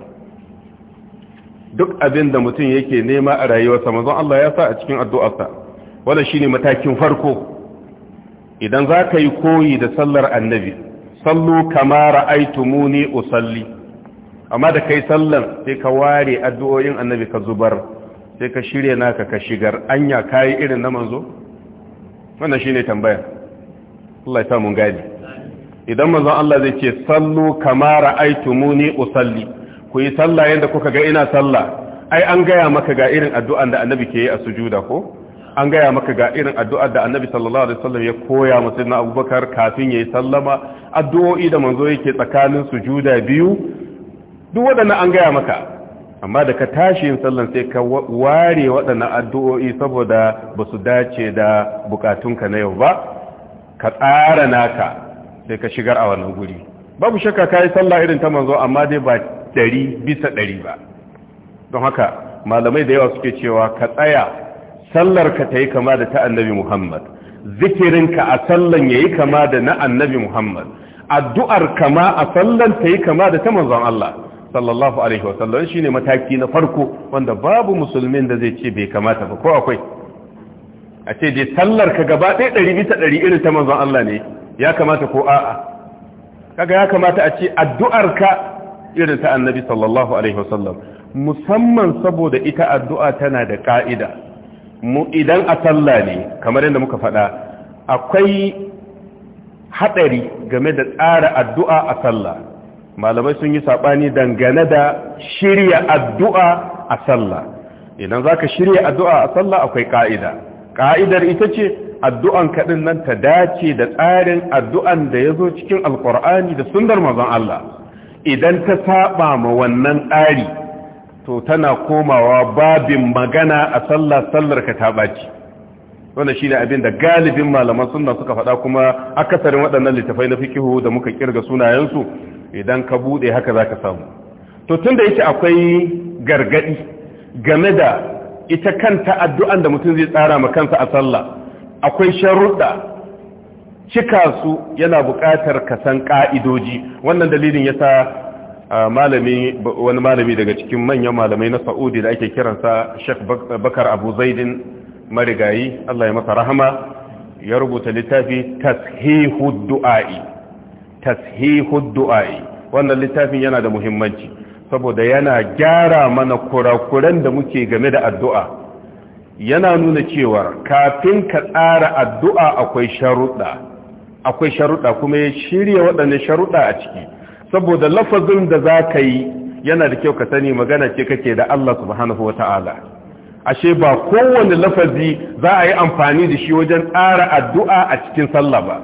duk abin da mutum yake nema a rayuwarsa manzon Allah ya sa a cikin addu'arsa wanda shine matakin farko idan za ka yi koyi da sallar annabi sallu kamara kama ra'aytumuni usalli amma da kai sallan sai ka ware addu'o'in annabi ka zubar sai ka shirya naka ka shigar anya kayi irin na manzo wannan shine tambaya Allah ya sa mun gani idan manzon Allah zai ce sallu kama ra'aytumuni usalli ku yi sallah yanda kuka ga ina sallah ai an gaya maka ga irin addu'an da annabi ke yi a sujuda ko an gaya maka ga irin addu'ar da annabi sallallahu alaihi wasallam ya koya musu abubakar kafin ya yi sallama addu'o'i da manzo yake tsakanin sujuda biyu duk waɗannan an gaya maka amma da ka tashi yin sallan sai ka ware waɗannan addu'o'i saboda ba su dace da bukatunka na yau ba ka tsara naka sai ka shigar a wannan guri babu shakka ka yi sallah irin ta manzo amma dai ba ɗari bisa ɗari ba don haka malamai da yawa suke cewa ka tsaya sallar ka ta yi kama da ta annabi muhammad ka a sallan ya yi kama da na annabi muhammad addu'ar kama a sallan ta yi kama da ta manzon allah sallallahu alaihi wa wasallam shine mataki na farko wanda babu musulmin da zai ce bai kamata ba ko akwai a ce dai sallar ka gaba ɗaya ɗari bisa ɗari irin ta manzon Allah ne ya kamata ko a'a kaga ya kamata a ce addu'ar ka irin ta annabi sallallahu alaihi wa sallam musamman saboda ita addu'a tana da ka'ida mu idan a sallah ne kamar yadda muka faɗa akwai haɗari game da tsara addu'a a sallah malamai sun yi saɓani dangane da shirya addu'a a sallah idan za ka shirya addu'a a sallah akwai ƙa'ida ƙa'idar ita ce addu'an kaɗin nan ta dace da tsarin addu'an da ya zo cikin alƙur'ani da sundar mazan Allah idan ta saɓa ma wannan tsari to tana komawa babin magana a sallah sallar ka ta ɓaci wanda shi ne abin da galibin malaman sunna suka faɗa kuma akasarin waɗannan littafai na fikihu da muka kirga sunayensu idan ka bude haka za ka samu to tun da yake akwai gargadi game da ita kanta addu'an da mutum zai tsara ma kansa a sallah akwai sharuɗa cika su yana buƙatar ka san ƙa'idoji wannan dalilin ya sa wani malami daga cikin manyan malamai na Saudi da ake kiransa Sheikh Bakar Abu Zaidin marigayi Allah ya masa rahama ya rubuta littafi tashihu du'a'i tashihud du'a'i wannan littafin yana da muhimmanci saboda yana gyara mana kurakuran da muke game da addu'a yana nuna cewa kafin ka tsara addu'a akwai sharuɗa akwai sharuɗa kuma ya shirya waɗannan sharuɗa a ciki saboda lafazin da za ka yi yana da kyau ka sani magana ce kake da Allah subhanahu wa ta'ala ashe ba kowane lafazi za a yi amfani da shi wajen tsara addu'a a cikin sallah ba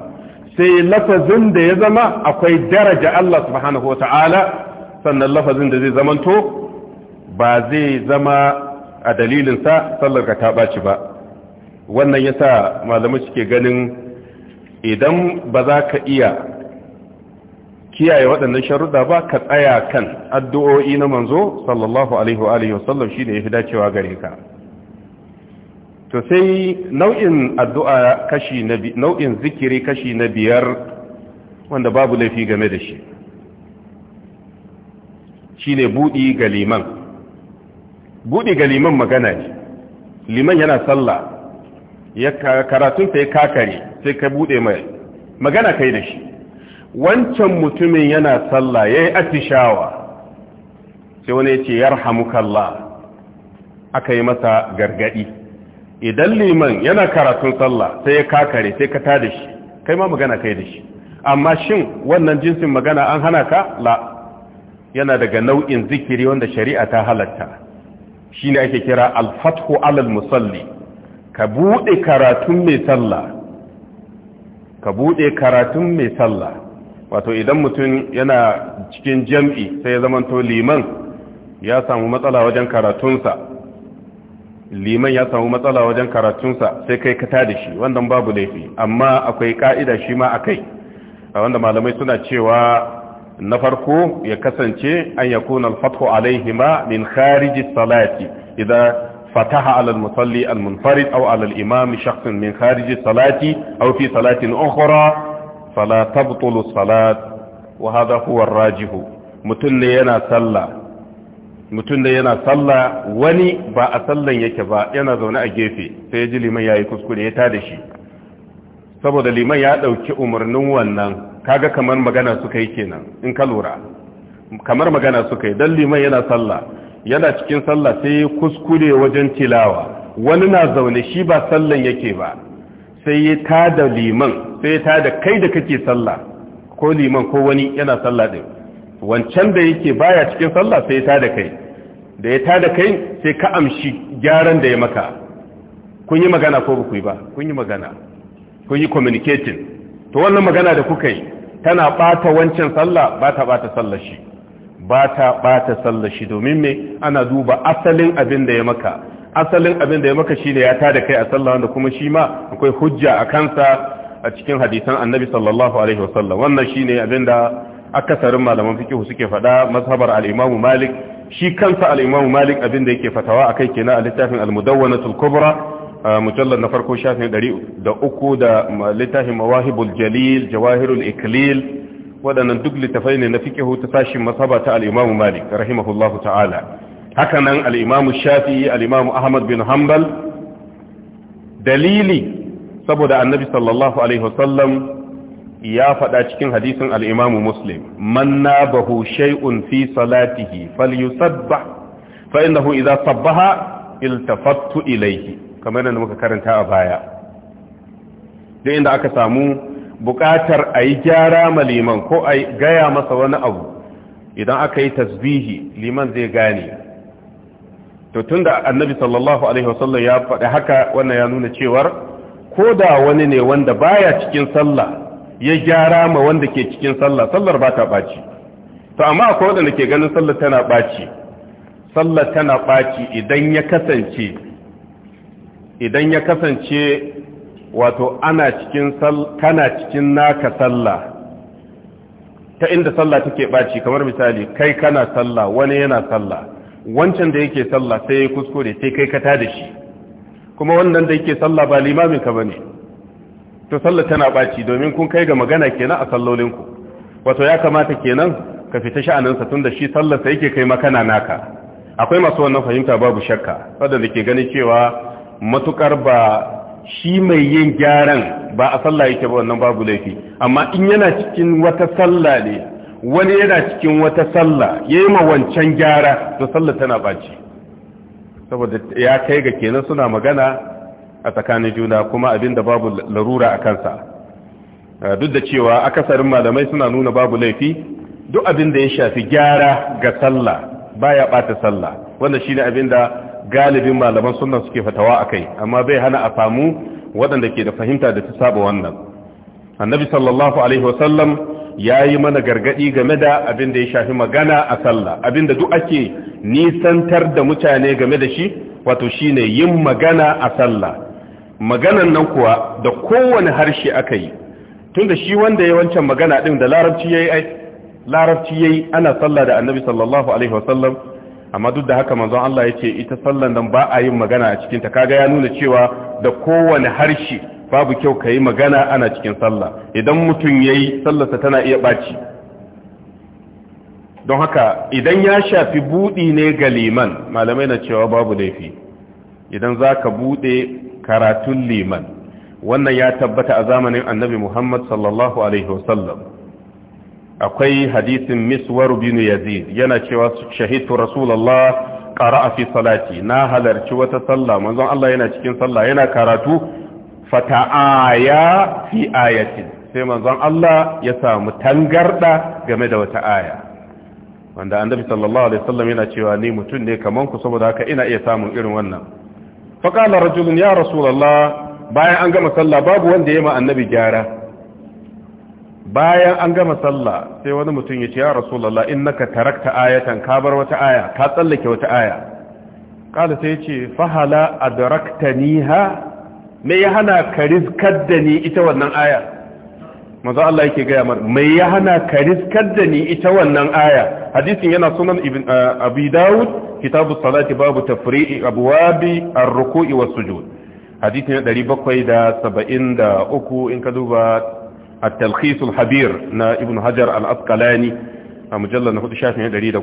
sai lafazin da ya zama akwai daraja Allah subhanahu wa ta'ala sannan lafazin da zai zamanto ba zai zama a dalilin sa sallar ka ta baci ba wannan ya sa malamai suke ganin idan ba za ka iya kiyaye waɗannan sharuɗa ba ka tsaya kan addu'o'i na manzo sallallahu alaihi wa sallam shi ne ya fi dacewa gare ka to sai nau'in addu'a kashi na nau'in zikiri kashi na biyar wanda babu laifi game da shi shine budi ga liman budi ga liman magana ne liman yana sallah ya karatun sai kakare sai ka buɗe mai magana kai da shi wancan mutumin yana sallah yayi atishawa sai wani ya ce yarhamukallah aka yi masa gargaɗi. idan liman yana karatun sallah sai ya kakare sai ka tada shi kai ma magana kai da shi amma shin wannan jinsin magana an hana ka la yana daga nau'in zikiri wanda shari'a ta halatta shine ake kira al-fathu alal musalli ka bude karatun mai sallah ka bude karatun mai sallah wato idan mutum yana cikin jam'i sai ya zama zamanto liman ya samu matsala wajen karatunsa liman ya samu matsala wajen karatunsa sai kai ka tada shi wannan babu laifi amma akwai ka'ida shi ma akai wanda malamai suna cewa na farko ya kasance an ya al-fathu alaihima min khariji salati idan fataha ala musalli almunfarid munfarid aw ala al-imam shakhsun min khariji salati aw fi salatin ukhra fala tabtulu salat wa hadha huwa ar-rajih mutun ne yana sallah mutum da yana sallah wani ba a sallan yake ba yana zaune a gefe sai ya ji liman ya yi kuskure ya tada shi saboda liman ya ɗauki umarnin wannan kaga kamar magana suka yi kenan in ka lura kamar magana suka yi don liman yana sallah yana cikin sallah sai ya kuskure wajen tilawa wani na zaune shi ba sallan yake ba sai ya tada liman sai ya tada kai da kake sallah ko liman ko wani yana sallah din wancan da yake baya cikin sallah sai ya tada kai da ya tada kai sai ka amshi gyaran da ya maka kun yi magana ko ku yi ba kun yi magana kun yi communicating to wannan magana da kuka yi tana bata wancan sallah ba ta bata sallar shi ba ta bata sallar shi domin me ana duba asalin abin da ya maka asalin abin da ya maka shine ya tada kai a sallah wanda kuma shi ma akwai hujja a kansa a cikin hadisan annabi sallallahu alaihi wasallam wannan shine abin da akasarin malaman fikihu suke faɗa mazhabar al'imamu malik shi kansa al'imamu malik abin da yake fatawa a kai kenan a littafin al-mudawwanatul kubra mujallar na farko shafin ɗari da uku da littafin mawahibul jalil jawahirul iklil waɗannan duk littafai ne na fikihu ta sashin mazhaba ta al'imamu malik rahimahullahu ta'ala haka nan al'imamu shafi'i al'imamu ahmad bin hanbal dalili saboda annabi sallallahu alaihi wasallam ya faɗa cikin hadisin al'imamu muslim man na bahu shay'un fi salatihi falyusabbah fa innahu idza sabbaha iltafattu ilaihi. kamar yadda muka karanta a baya da inda aka samu buƙatar a yi gyara ma liman ko a gaya masa wani abu idan aka yi tasbihi liman zai gane to da annabi sallallahu alaihi wasallam ya faɗi haka wannan ya nuna cewar ko da wani ne wanda baya cikin sallah ya gyara ma wanda ke cikin sallah sallar ba ta ɓaci to amma akwai wanda ke ganin sallar tana ɓaci sallar tana ɓaci idan ya kasance idan ya kasance wato ana cikin kana cikin naka sallah ta inda sallah take ɓaci kamar misali kai kana sallah wani yana sallah wancan da yake sallah sai ya kuskure sai kai ka da shi kuma wannan da yake sallah ba limamin ka bane to sallar tana baci domin kun kai ga magana kenan a sallolinku wato ya kamata kenan ka fita sha'aninsa tun da shi sallarsa yake kai makana naka akwai masu wannan fahimta babu shakka wadanda ke gani cewa matukar ba shi mai yin gyaran ba a sallah yake ba wannan babu laifi amma in yana cikin wata sallah ne wani yana cikin wata sallah yayi ma wancan gyara to sallar tana baci saboda ya kai ga kenan suna magana a tsakanin juna kuma abin da babu larura a kansa duk da cewa akasarin malamai suna nuna babu laifi duk abin da ya shafi gyara ga sallah baya bata sallah wannan shine abin da galibin malaman sunna suke fatawa akai amma bai hana a famu waɗanda ke da fahimta da ta saba wannan annabi sallallahu alaihi wasallam yayi mana gargadi game da abin da ya shafi magana a sallah abin da duk ake nisantar da mutane game da shi wato shine yin magana a sallah maganan nan kuwa da kowane harshe aka yi tunda shi wanda yawancin magana ɗin da larabci yayi larabci yayi ana sallah da annabi sallallahu alaihi wasallam amma duk da haka manzon Allah ya ce ita sallan nan ba a yin magana a cikin kaga ya nuna cewa da kowane harshe babu kyau ka yi magana ana cikin sallah idan mutum ya yi sallarsa tana iya ɓaci don haka idan ya shafi buɗi ne ga liman malamai na cewa babu laifi idan za ka buɗe. karatun liman wannan ya tabbata a zamanin annabi muhammad sallallahu alaihi wasallam akwai hadisin miswar bin yazid yana cewa shahidu rasulullah qara'a fi salati na halarci wata sallah manzon Allah yana cikin sallah yana karatu fata'aya fi ayatin sai manzon Allah ya samu tangarda game da wata aya wanda annabi sallallahu alaihi wasallam yana cewa ni mutum ne kaman ku saboda haka ina iya samun irin wannan faƙalar rajulun ya rasulallah bayan an gama sallah babu wanda ya ma annabi gyara bayan an gama sallah sai wani mutum ya ce ya rasulallah naka tarakta ayatan ka bar wata aya ka tsallake wata aya kada sai ce fahala ha, me ya hana ka rizkar da ni ita wannan aya manzo Allah yake gaya mar me ya hana ka rizkar da ni ita wannan aya hadisin yana sunan ibn uh, abi daud kitabu salati babu tafri'i abwabi ar-ruku'i was-sujud hadisi na 773 in ka duba at-talkhis al-habir na ibn hajar al-asqalani a mujallal na 4 shafin 118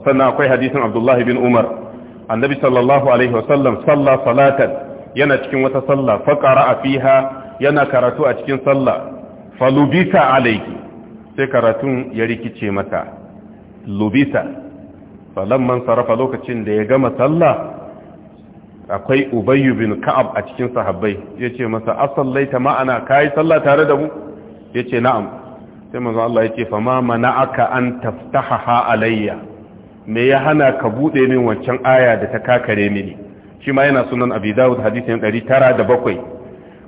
sannan akwai hadisin abdullah ibn umar annabi sallallahu alaihi wasallam salla salatan yana cikin wata salla fa qara'a fiha yana karatu a cikin salla falubita alayhi sai karatun ya rikice mata lubita falamman sarrafa lokacin da ya gama sallah akwai ubayyu bin ka'ab a cikin sahabbai yace masa asallaita ma'ana yi sallah tare da mu ce na'am sai manzo Allah ce fa ma mana'aka an taftahaha alayya me ya hana ka bude min wancan aya da ta kakare mini shi ma yana sunan abi dawud da 907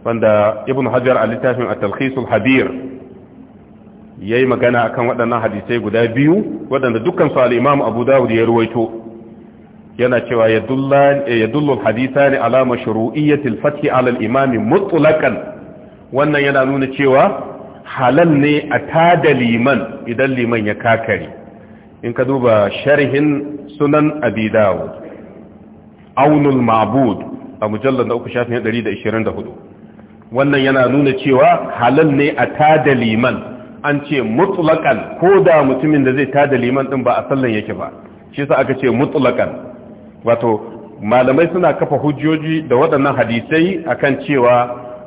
wanda ibn hajar a littafin at-talkhis al-habir ya yi magana a kan waɗannan hadisai guda biyu waɗanda dukkansu al'imamu abu dawud ya ruwaito yana cewa ya eh, dullun hadisa ne alama shuru'iyyatil fathi alal imami mutulakan wannan yana nuna cewa halal ne a tada liman idan liman ya kakari in ka duba sharhin sunan Abu dawud aunul ma'bud a mujallar da uku shafin 124 wannan yana nuna cewa halal ne a tada liman an ce mutsulakan ko da mutumin da zai tada liman ɗin ba a sallan yake ba shi sa aka ce mutlaqan wato malamai suna kafa hujjoji da waɗannan hadisai akan cewa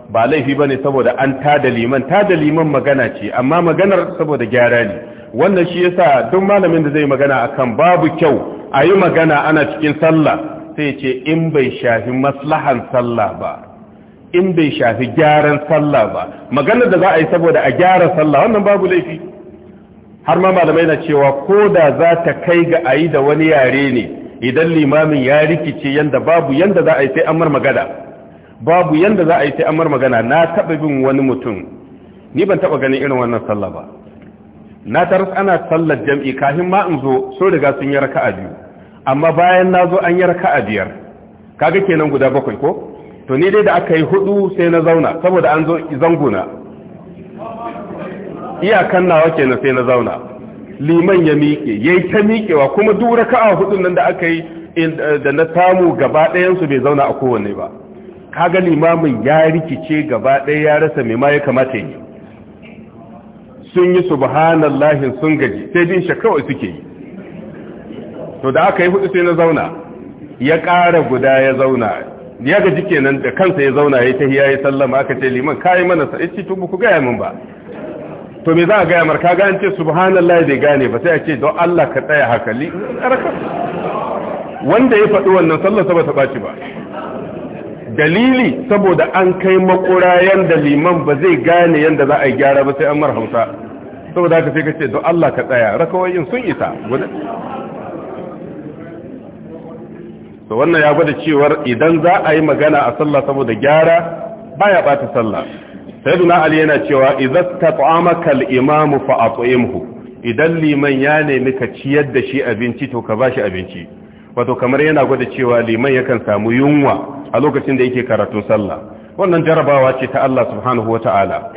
ba laifi ba ne saboda an tada liman tada liman magana ce amma maganar saboda gyara ne wannan shi yasa duk malamin da zai magana akan babu kyau a yi magana ana cikin sallah sai ce in bai shafi maslahan sallah ba in bai shafi gyaran sallah ba maganar da za a yi saboda a gyara sallah wannan babu laifi har ma malamai na cewa ko da za ta kai ga a yi da wani yare ne idan limamin ya rikice yanda babu yanda za a yi sai amar magana babu yanda za a yi sai amar magana na taɓa bin wani mutum ni ban taɓa ganin irin wannan sallah ba na taras ana sallar jam'i kafin ma in zo so riga sun yi raka'a biyu amma bayan na zo an yi raka'a biyar kaga kenan guda bakwai ko to ni dai da aka yi hudu sai na zauna saboda an zo zanguna iyakan nawa kenan sai na zauna liman ya miƙe yayi ta miƙewa kuma duk raka'a hudun nan da aka yi eh, da na samu gaba ɗayan bai zauna a kowanne ba kaga limamin ya rikice gaba ɗaya ya rasa mai ma ya kamata yi sun yi subhanallahi sun gaji sai bin shi kawai suke yi to da aka yi hudu sai na zauna ya ƙara guda ya zauna ya gaji kenan da kansa ya zauna ya tahiya ya sallama aka ce liman kai mana sa ce to buku gaya min ba to me za a gaya marka ga an ce subhanallahi bai gane ba sai a ce don Allah ka tsaya haka li wanda ya faɗi wannan sallar sa ba ta baci ba dalili saboda an kai makura yanda liman ba zai gane yanda za a yi gyara ba sai an mar hausa saboda haka sai ka ce don Allah ka tsaya rakawoyin sun isa to wannan ya gwada cewar idan za a yi magana a sallah saboda gyara baya bata sallah sayyiduna ali yana cewa idza ta al-imam fa idan liman ya nemi ka ciyar da shi abinci to ka bashi abinci wato kamar yana gwada cewa liman yakan samu yunwa a lokacin da yake karatun sallah wannan jarabawa ce ta Allah subhanahu wata'ala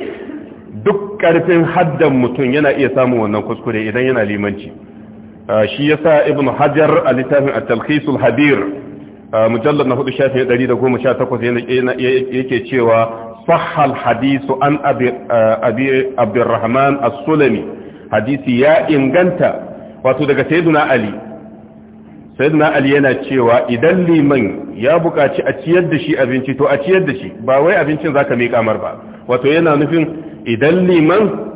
duk karfin haddan mutum yana iya samun wannan kuskure idan yana limanci shi ya sa ibn hajar a littafin a talkhisul habir mujallar na hudu shafi 118 yake cewa sahhal hadisu an abi abdurrahman as-sulami hadisi ya inganta wato daga sayyiduna ali sayyiduna ali yana cewa idan liman ya buƙaci a ciyar da shi abinci to a ciyar da shi ba wai abincin za ka miƙa mar ba wato yana nufin idan liman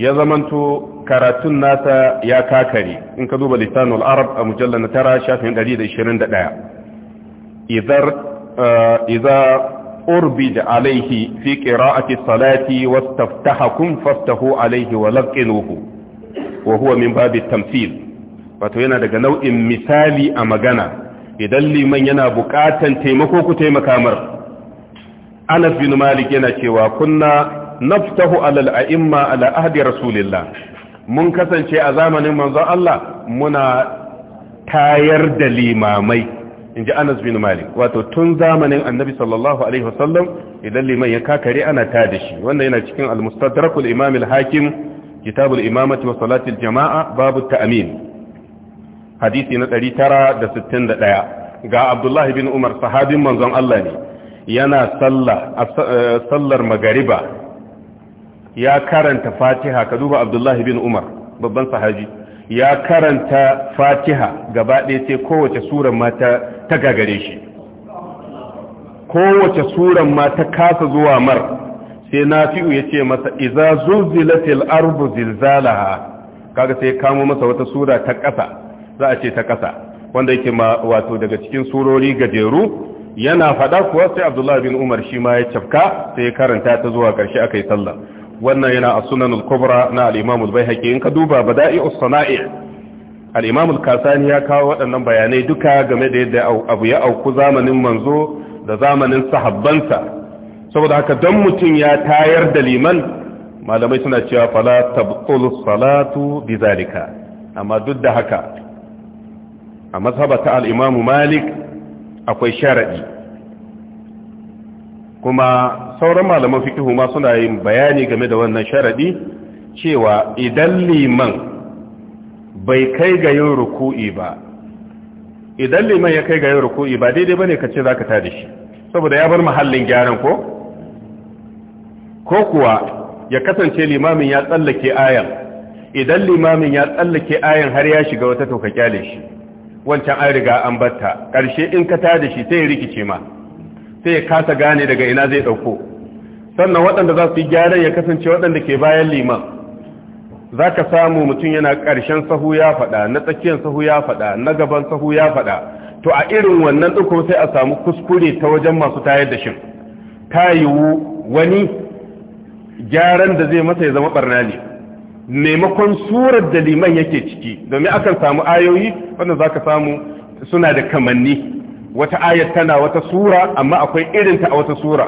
ya zamanto karatun nasa ya kakare in ka duba lisanul arab a mujallar na tara shafin 121 eh, Iza Urbi da alaihi fi qira'ati salati kun faftahu alaihi wa laqinuhu wa huwa min babi tamthil wato yana daga nau'in misali a magana idan liman yana buƙatan taimako ku taimaka mar Anas bin Malik yana cewa kunna naftahu alal a'imma ala ahdi rasulillah mun kasance a zamanin manzon Allah muna tayar da limamai in ji anas bin malik wato tun zamanin annabi sallallahu alaihi wasallam idan liman ya kakare ana ta da shi wannan yana cikin al-mustadrakul imam al-hakim kitabul imamati wa salatil jama'a babu ta'min hadisi na 961 ga abdullahi bin umar sahabin manzon Allah ne yana sallah eh, sallar magariba ya karanta fatiha ka duba abdullahi bin umar babban sahaji ya karanta fatiha gaba ɗaya sai kowace suran ma ta gagare shi kowace suran ma ta kasa zuwa mar sai nafi'u ya ce masa iza zulzilatil ardu zilzalaha kaga sai kamo masa wata sura ta ƙasa za a ce ta ƙasa wanda yake ma wato daga cikin surori gajeru yana faɗa kuwa sai abdullahi bin umar shi ma ya cafka sai ya karanta ta zuwa ƙarshe aka yi sallah wannan yana a sunan al-kubra na al-imam al-baihaqi in ka duba bada'i'us sana'i al-imam al-kasani ya kawo waɗannan bayanai duka game da yadda abu ya auku zamanin manzo da zamanin sahabbansa saboda haka dan mutum ya tayar da liman malamai suna cewa fala tabtulu salatu bizalika amma duk da haka a mazhabata al-imam malik akwai sharadi kuma sauran malaman fikihu ma suna yin bayani game da wannan sharadi cewa idan liman bai kai ga yin ruku'i ba idan liman ya kai ga yin ruku'i ba daidai bane ka ce zaka tada shi saboda ya bar mahallin gyaran ko ko kuwa ya kasance limamin ya tsallake ayan idan limamin ya tsallake ayan har ya shiga wata to ka shi wancan an riga an batta karshe in ka tada shi sai ya rikice ma sai ya kasa gane daga ina zai dauko sannan waɗanda za su yi gyaran ya kasance waɗanda ke bayan liman za ka samu mutum yana ƙarshen sahu ya faɗa na tsakiyar sahu ya faɗa na gaban sahu ya faɗa to a irin wannan ɗin sai a samu kuskure ta wajen masu tayar da shi ta yiwu wani gyaran da zai masa ya zama barna ne maimakon surar da liman yake ciki domin akan samu ayoyi wanda za ka samu suna da kamanni wata ayat tana wata sura amma akwai irinta a wata sura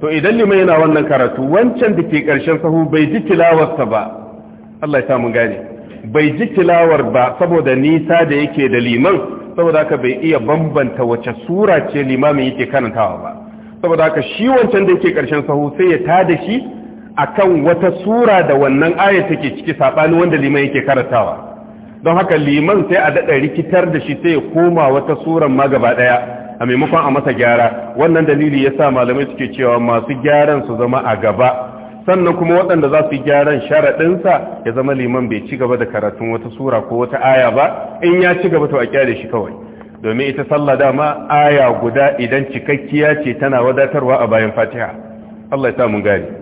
to idan liman yana wannan karatu wancan da ke ƙarshen sahu bai ji tilawarsa ba Allah ya samu gane bai ji tilawar ba saboda nisa da yake da liman saboda haka bai iya bambanta wace sura ce limamin yake karantawa ba saboda haka shi wancan da yake ƙarshen sahu sai ya ta da shi akan wata sura da wannan ayat take ciki sabani wanda liman yake karantawa don haka liman sai a daɗa rikitar da shi sai ya koma wata suran ma gaba ɗaya a maimakon a masa gyara wannan dalili ya sa malamai suke cewa masu gyaran su zama a gaba sannan kuma waɗanda za su yi gyaran sharaɗinsa ya zama liman bai ci gaba da karatun wata sura ko wata aya ba in ya ci gaba to a kyale shi kawai domin ita sallah dama aya guda idan cikakkiya ce tana wadatarwa a bayan fatiha Allah ya sa mun gani